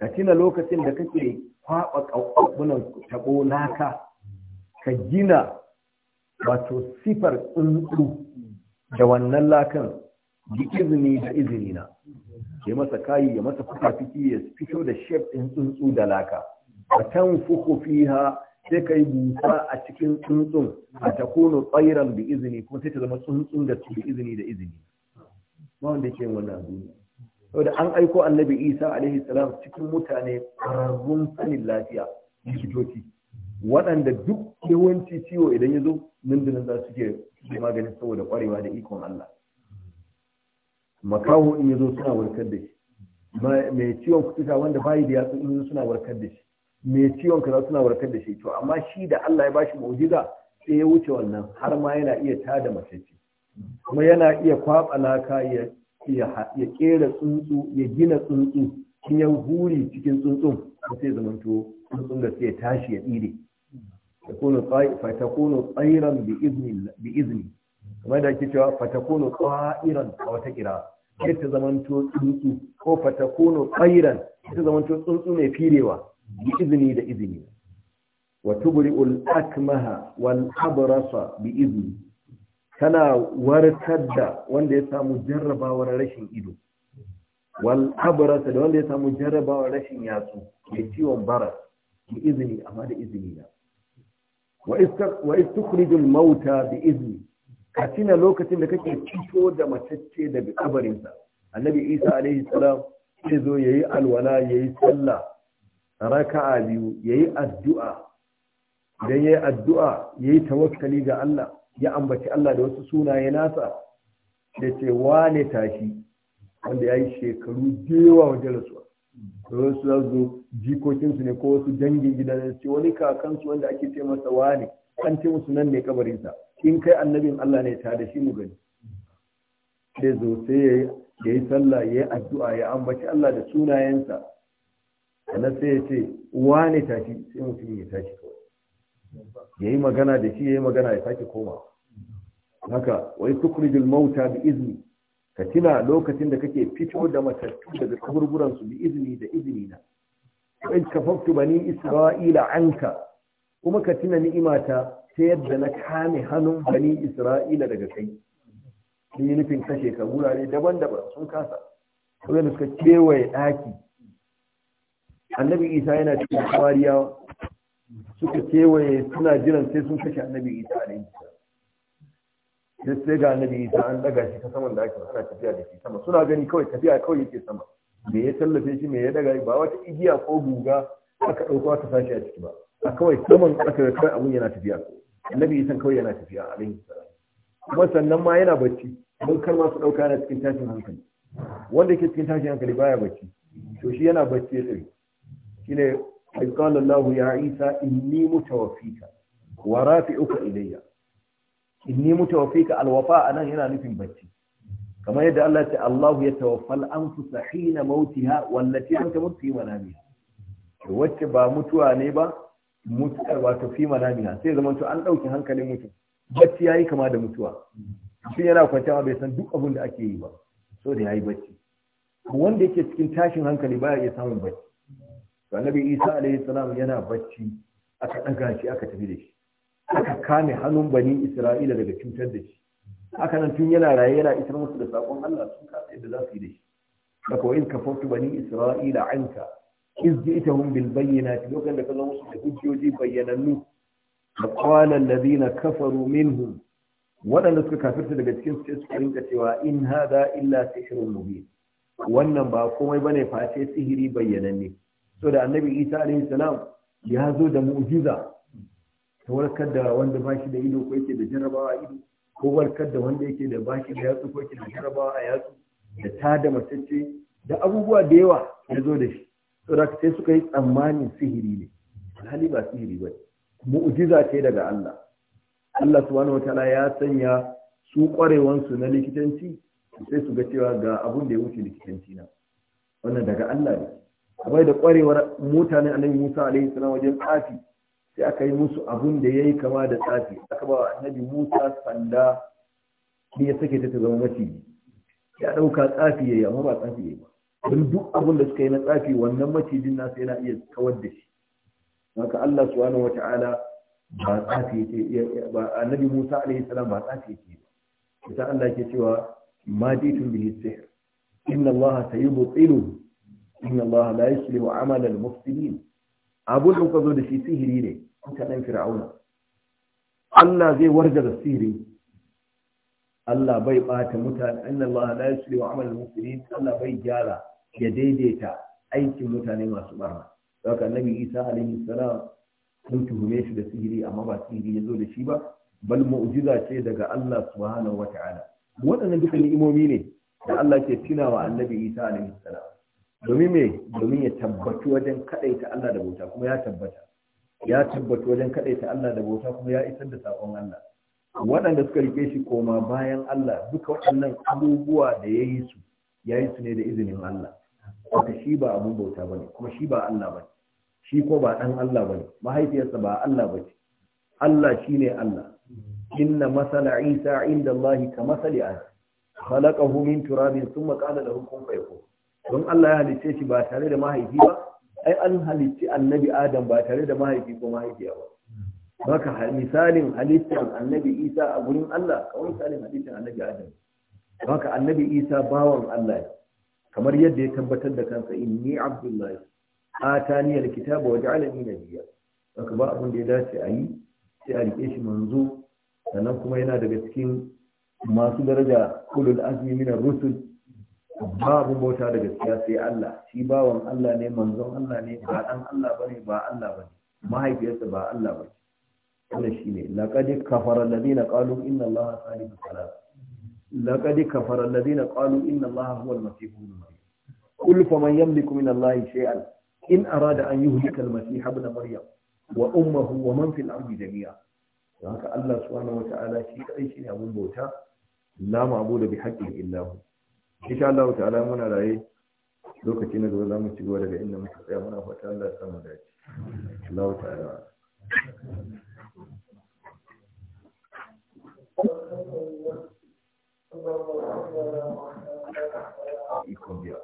ka tina lokacin da kake kwaba kabunan tabo laka ka gina wato sifar tsuntsu da wannan lakan bi izini da izini na ya masa kayi ya masa fuka-fiki ya fito da shef din tsuntsu da laka a can fuku fiha sai ka busa a cikin tsuntsun a ta kono tsairan bi izini kuma sai ta zama tsuntsun da bi izini da izini ba wanda ke wannan duniya saboda an aiko annabi isa alaihi salam cikin mutane ƙararrun sanin lafiya likitoci waɗanda duk yawanci ciwo idan ya zo nan nan za su ke maganin saboda ƙwarewa da ikon Allah makaho in yazo suna warkar da shi mai ciwon kutuka wanda bayi da yatsu in suna warkar da shi mai ciwon kaza suna warkar da shi to amma shi da Allah ya bashi mu'jiza sai ya wuce wannan har ma yana iya tada mace kuma yana iya kwaba laka ya ya kera tsuntsu ya gina tsuntsu kin ya huri cikin tsuntsun sai zamanto tsuntsun da sai ya tashi ya ta fatakunu tsairan bi izni kamar da ake cewa fatakunu tsairan a wata kira sai ta zamanto tsuntsu ko fatakuno tsairan ta zamanto tsuntsu mai firewa bi izini da izini wa tubri'ul akmaha wal abrasa bi izini tana warkar da wanda ya samu jarrabawar rashin ido wal abrasa da wanda ya samu jarrabawar rashin yatsu mai ciwon baras bi izini amma da izini na wa istukhrijul mauta bi izini ka lokacin da kake fito da matacce daga kabarinsa annabi isa alaihi salam zai zo yayi alwala yayi sallah raka'a biyu yayi addu'a idan yayi addu'a yayi tawakkali ga Allah ya ambaci Allah da wasu sunaye nasa da ce wane tashi wanda ya shekaru jewa wajen rasuwa wasu za su jikokinsu ne ko wasu dangin gidan ce wani kakansu wanda ake ce masa wane an ce musu nan ne kabarinsa in kai annabin Allah ne ta da shi mu gani sai zo sai ya yi sallah ya yi addu'a ya ambaci Allah da sunayensa sannan sai ya ce wane tashi sai mutum ya tashi ya yi magana da shi ya yi magana ya sake koma haka wai tukrijul mauta bi izini ka tuna lokacin da kake fito da matattu daga kaburburan su bi izini da izini na in kafaftu bani isra'ila anka kuma ka tuna ni'imata ta yadda na kame hannun bani isra'ila daga kai sun yi nufin kashe ka wurare daban-daban sun kasa kuma da suka kewaye ɗaki annabi isa yana cikin kwariya suka kewaye suna jiran sai sun kashe annabi isa a sai ga annabi isa an daga shi ta saman da ake ana tafiya da shi sama suna gani kawai tafiya kawai yake sama me ya tallafe shi me ya daga ba wata igiya ko guga aka ɗauko aka sashi a ciki ba a kawai saman aka kawai abun yana tafiya kawai annabi isan kawai yana tafiya alaihi salam kuma sannan ma yana bacci Mun kar ma su dauka na cikin tashin hankali wanda ke cikin tashin hankali baya bacci to shi yana bacci ya tsiri shine qala Allah ya Isa inni mutawaffika wa rafi'uka ilayya inni mutawaffika alwafa anan yana nufin bacci kamar yadda Allah ya ce Allah ya tawaffal anfusa hina mautiha wallati anta mutu fi manamiha wacce ba mutuwa ne ba wato fi manamina sai zama to an ɗauki hankalin mutum bacci ya yi kama da mutuwa shi yana kwanciya bai san duk abin da ake yi ba so da ya yi bacci wanda yake cikin tashin hankali baya iya samun bacci to annabi isa alaihi salam yana bacci aka ɗaga shi aka tafi da shi aka kame hannun bani isra'ila daga cutar da shi haka nan tun yana raye yana isar musu da sakon allah sun kasa yadda za su yi da shi haka wa in kafartu bani isra'ila anka izjitahum bil bayyinati lokacin da ka zo musu da hujjoji bayyanannu da qala allazina kafaru minhum waɗanda suka kafirta daga cikin su suka rinka cewa in hada illa sihrun mubin wannan ba komai bane face sihiri bayyananne so da annabi Isa alaihi salam ya zo da mu'jiza ta warkar da wanda ba shi da ido ko yake da jarabawa ido ko warkar da wanda yake da baki da yatsu ko yake da jarabawa a yatsu da ta da matacce da abubuwa da yawa ya zo da shi saboda sai suka yi tsammanin sihiri ne alhali ba sihiri ba mu'jiza ce daga Allah Allah subhanahu wataala ya sanya su kwarewansu na likitanci sai su ga cewa ga abun da ya wuce likitanci na wannan daga Allah ne kamar da kwarewar mutanen annabi Musa alaihi salam wajen tsafi sai aka yi musu abun da yayi kama da tsafi aka ba annabi Musa sanda ne ya sake ta zama maciji ya dauka tsafi yayi amma ba tsafi yayi ba don duk abin da suka yi na tsafi wannan macijin nasu yana iya kawar da shi haka Allah subhanahu wata'ala ba tsafi yake ba annabi Musa alaihi salam ba tsafi yake ba ita Allah ke cewa ma ditun bihi sihr inna Allah sayubtilu inna Allah la yuslihu amala al-mufsidin abun da zo da shi sihiri ne ka dan fir'auna Allah zai warga da sihiri Allah bai bata mutane inna Allah la yuslihu amala al-mufsidin Allah bai gyara ya daidaita aikin mutane masu barna haka annabi isa alaihi salam sun tuhume shi da sihiri amma ba sihiri ya zo da shi ba bal mu'jiza ce daga Allah subhanahu wata'ala waɗannan duka ni'imomi ne da Allah ke tunawa annabi isa alaihi salam domin me domin ya tabbatu wajen kadaita Allah da bauta kuma ya tabbata ya tabbatu wajen kadaita Allah da bauta kuma ya isar da sakon Allah waɗanda suka rike shi koma bayan Allah duka waɗannan abubuwa da ya yi su ya yi su ne da izinin Allah wata shi ba abun bauta ba ne kuma shi ba Allah ba shi ko ba ɗan Allah ba ne mahaifiyarsa ba Allah ba ce Allah shi ne Allah inna masala isa inda Allah ka masali an khalaqahu min turabin sun maƙala da kun fayakun don Allah ya halicce shi ba tare da mahaifi ba ai an halicci annabi Adam ba tare da mahaifi ko mahaifiya ba Baka misalin halittar annabi Isa a gurin Allah, kawai misalin halittar annabi Adam. Baka annabi Isa bawan Allah ne. kamar yadda ya tabbatar da kansa inni abdullahi atani alkitaba wa ja'alani nabiyya haka ba abin da ya dace a yi sai a rike shi manzo sannan kuma yana daga cikin masu daraja kulun azmi min rusul babu bauta da gaskiya sai Allah shi bawan Allah ne manzon Allah ne ba dan Allah bane ba Allah bane mahaifiyarsa ba Allah bane wannan shine laqad kafara alladhina qalu inna allaha salihu salat لقد كفر الذين قالوا إن الله هو المسيح ابن مريم قل فمن يملك من الله شيئا إن أراد أن يهلك المسيح ابن مريم وأمه ومن في الأرض جميعا haka Allah subhanahu wata'ala shi kadai shine abun bauta la ma'budu bi haqqin illa hu insha Allah ta'ala muna raye lokaci da gaba zamu ci gaba daga inda muka tsaya muna fata Allah ya samu ta'ala ikon biya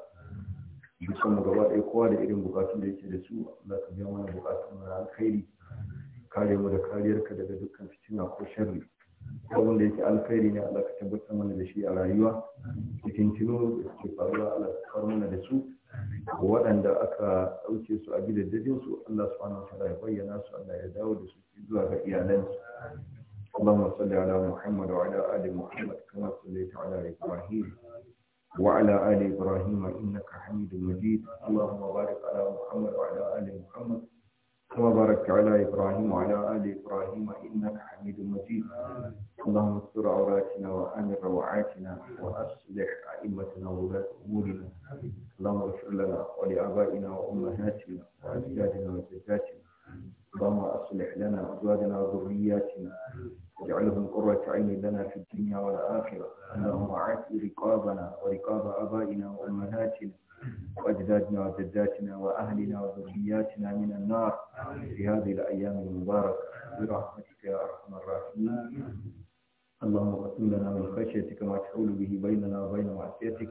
dukkan gaba ɗaya kowa da irin bukatun da yake da su za ka biya mana bukatun na alkhairi kare mu da kariyarka daga dukkan fitina ko sharri abin da yake alkhairi ne Allah ka tabbatar mana da shi a rayuwa cikin tino da suke faruwa Allah ka mana da su waɗanda aka ɗauke su a gidajen su Allah subhanahu wa ta'ala ya bayyana su Allah ya dawo da su zuwa ga iyalansu اللهم صل على محمد وعلى آل محمد كما صليت على إبراهيم وعلى آل إبراهيم إنك حميد مجيد اللهم بارك على محمد وعلى آل محمد كما باركت على إبراهيم وعلى آل إبراهيم إنك حميد مجيد اللهم استر عوراتنا وآمن روعاتنا وأصلح أئمتنا وولاة أمورنا اللهم اغفر لنا ولآبائنا وأمهاتنا وأجدادنا وجداتنا اللهم أصلح لنا أزواجنا وذرياتنا واجعلهم قرة عين لنا في الدنيا والآخرة اللهم اعز رقابنا ورقاب آبائنا وأمهاتنا وأجدادنا وجداتنا وأهلنا وذرياتنا من النار في هذه الأيام المباركة برحمتك يا أرحم الراحمين اللهم اغفر لنا من خشيتك ما تحول به بيننا وبين معصيتك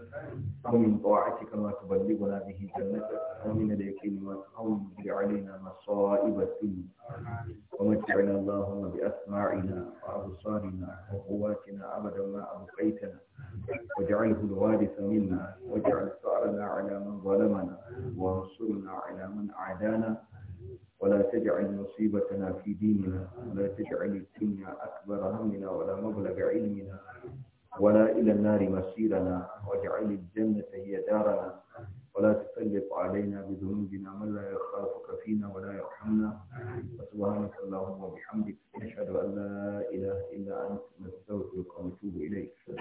ومن طاعتك ما تبلغنا به جنتك ومن اليقين ما تهون به علينا مصائب الدنيا ومتعنا اللهم باسماعنا وابصارنا وقواتنا ابدا ما ابقيتنا واجعله الوارث منا واجعل ثارنا على من ظلمنا وانصرنا على من عادانا ولا تجعل مصيبتنا في ديننا ولا تجعل الدنيا أكبر همنا ولا مبلغ علمنا ولا إلى النار مسيرنا واجعل الجنة هي دارنا ولا تسلط علينا بذنوبنا من لا يخافك فينا ولا يرحمنا سبحانك اللهم وبحمدك نشهد أن لا إله إلا أنت نستغفرك ونتوب إليك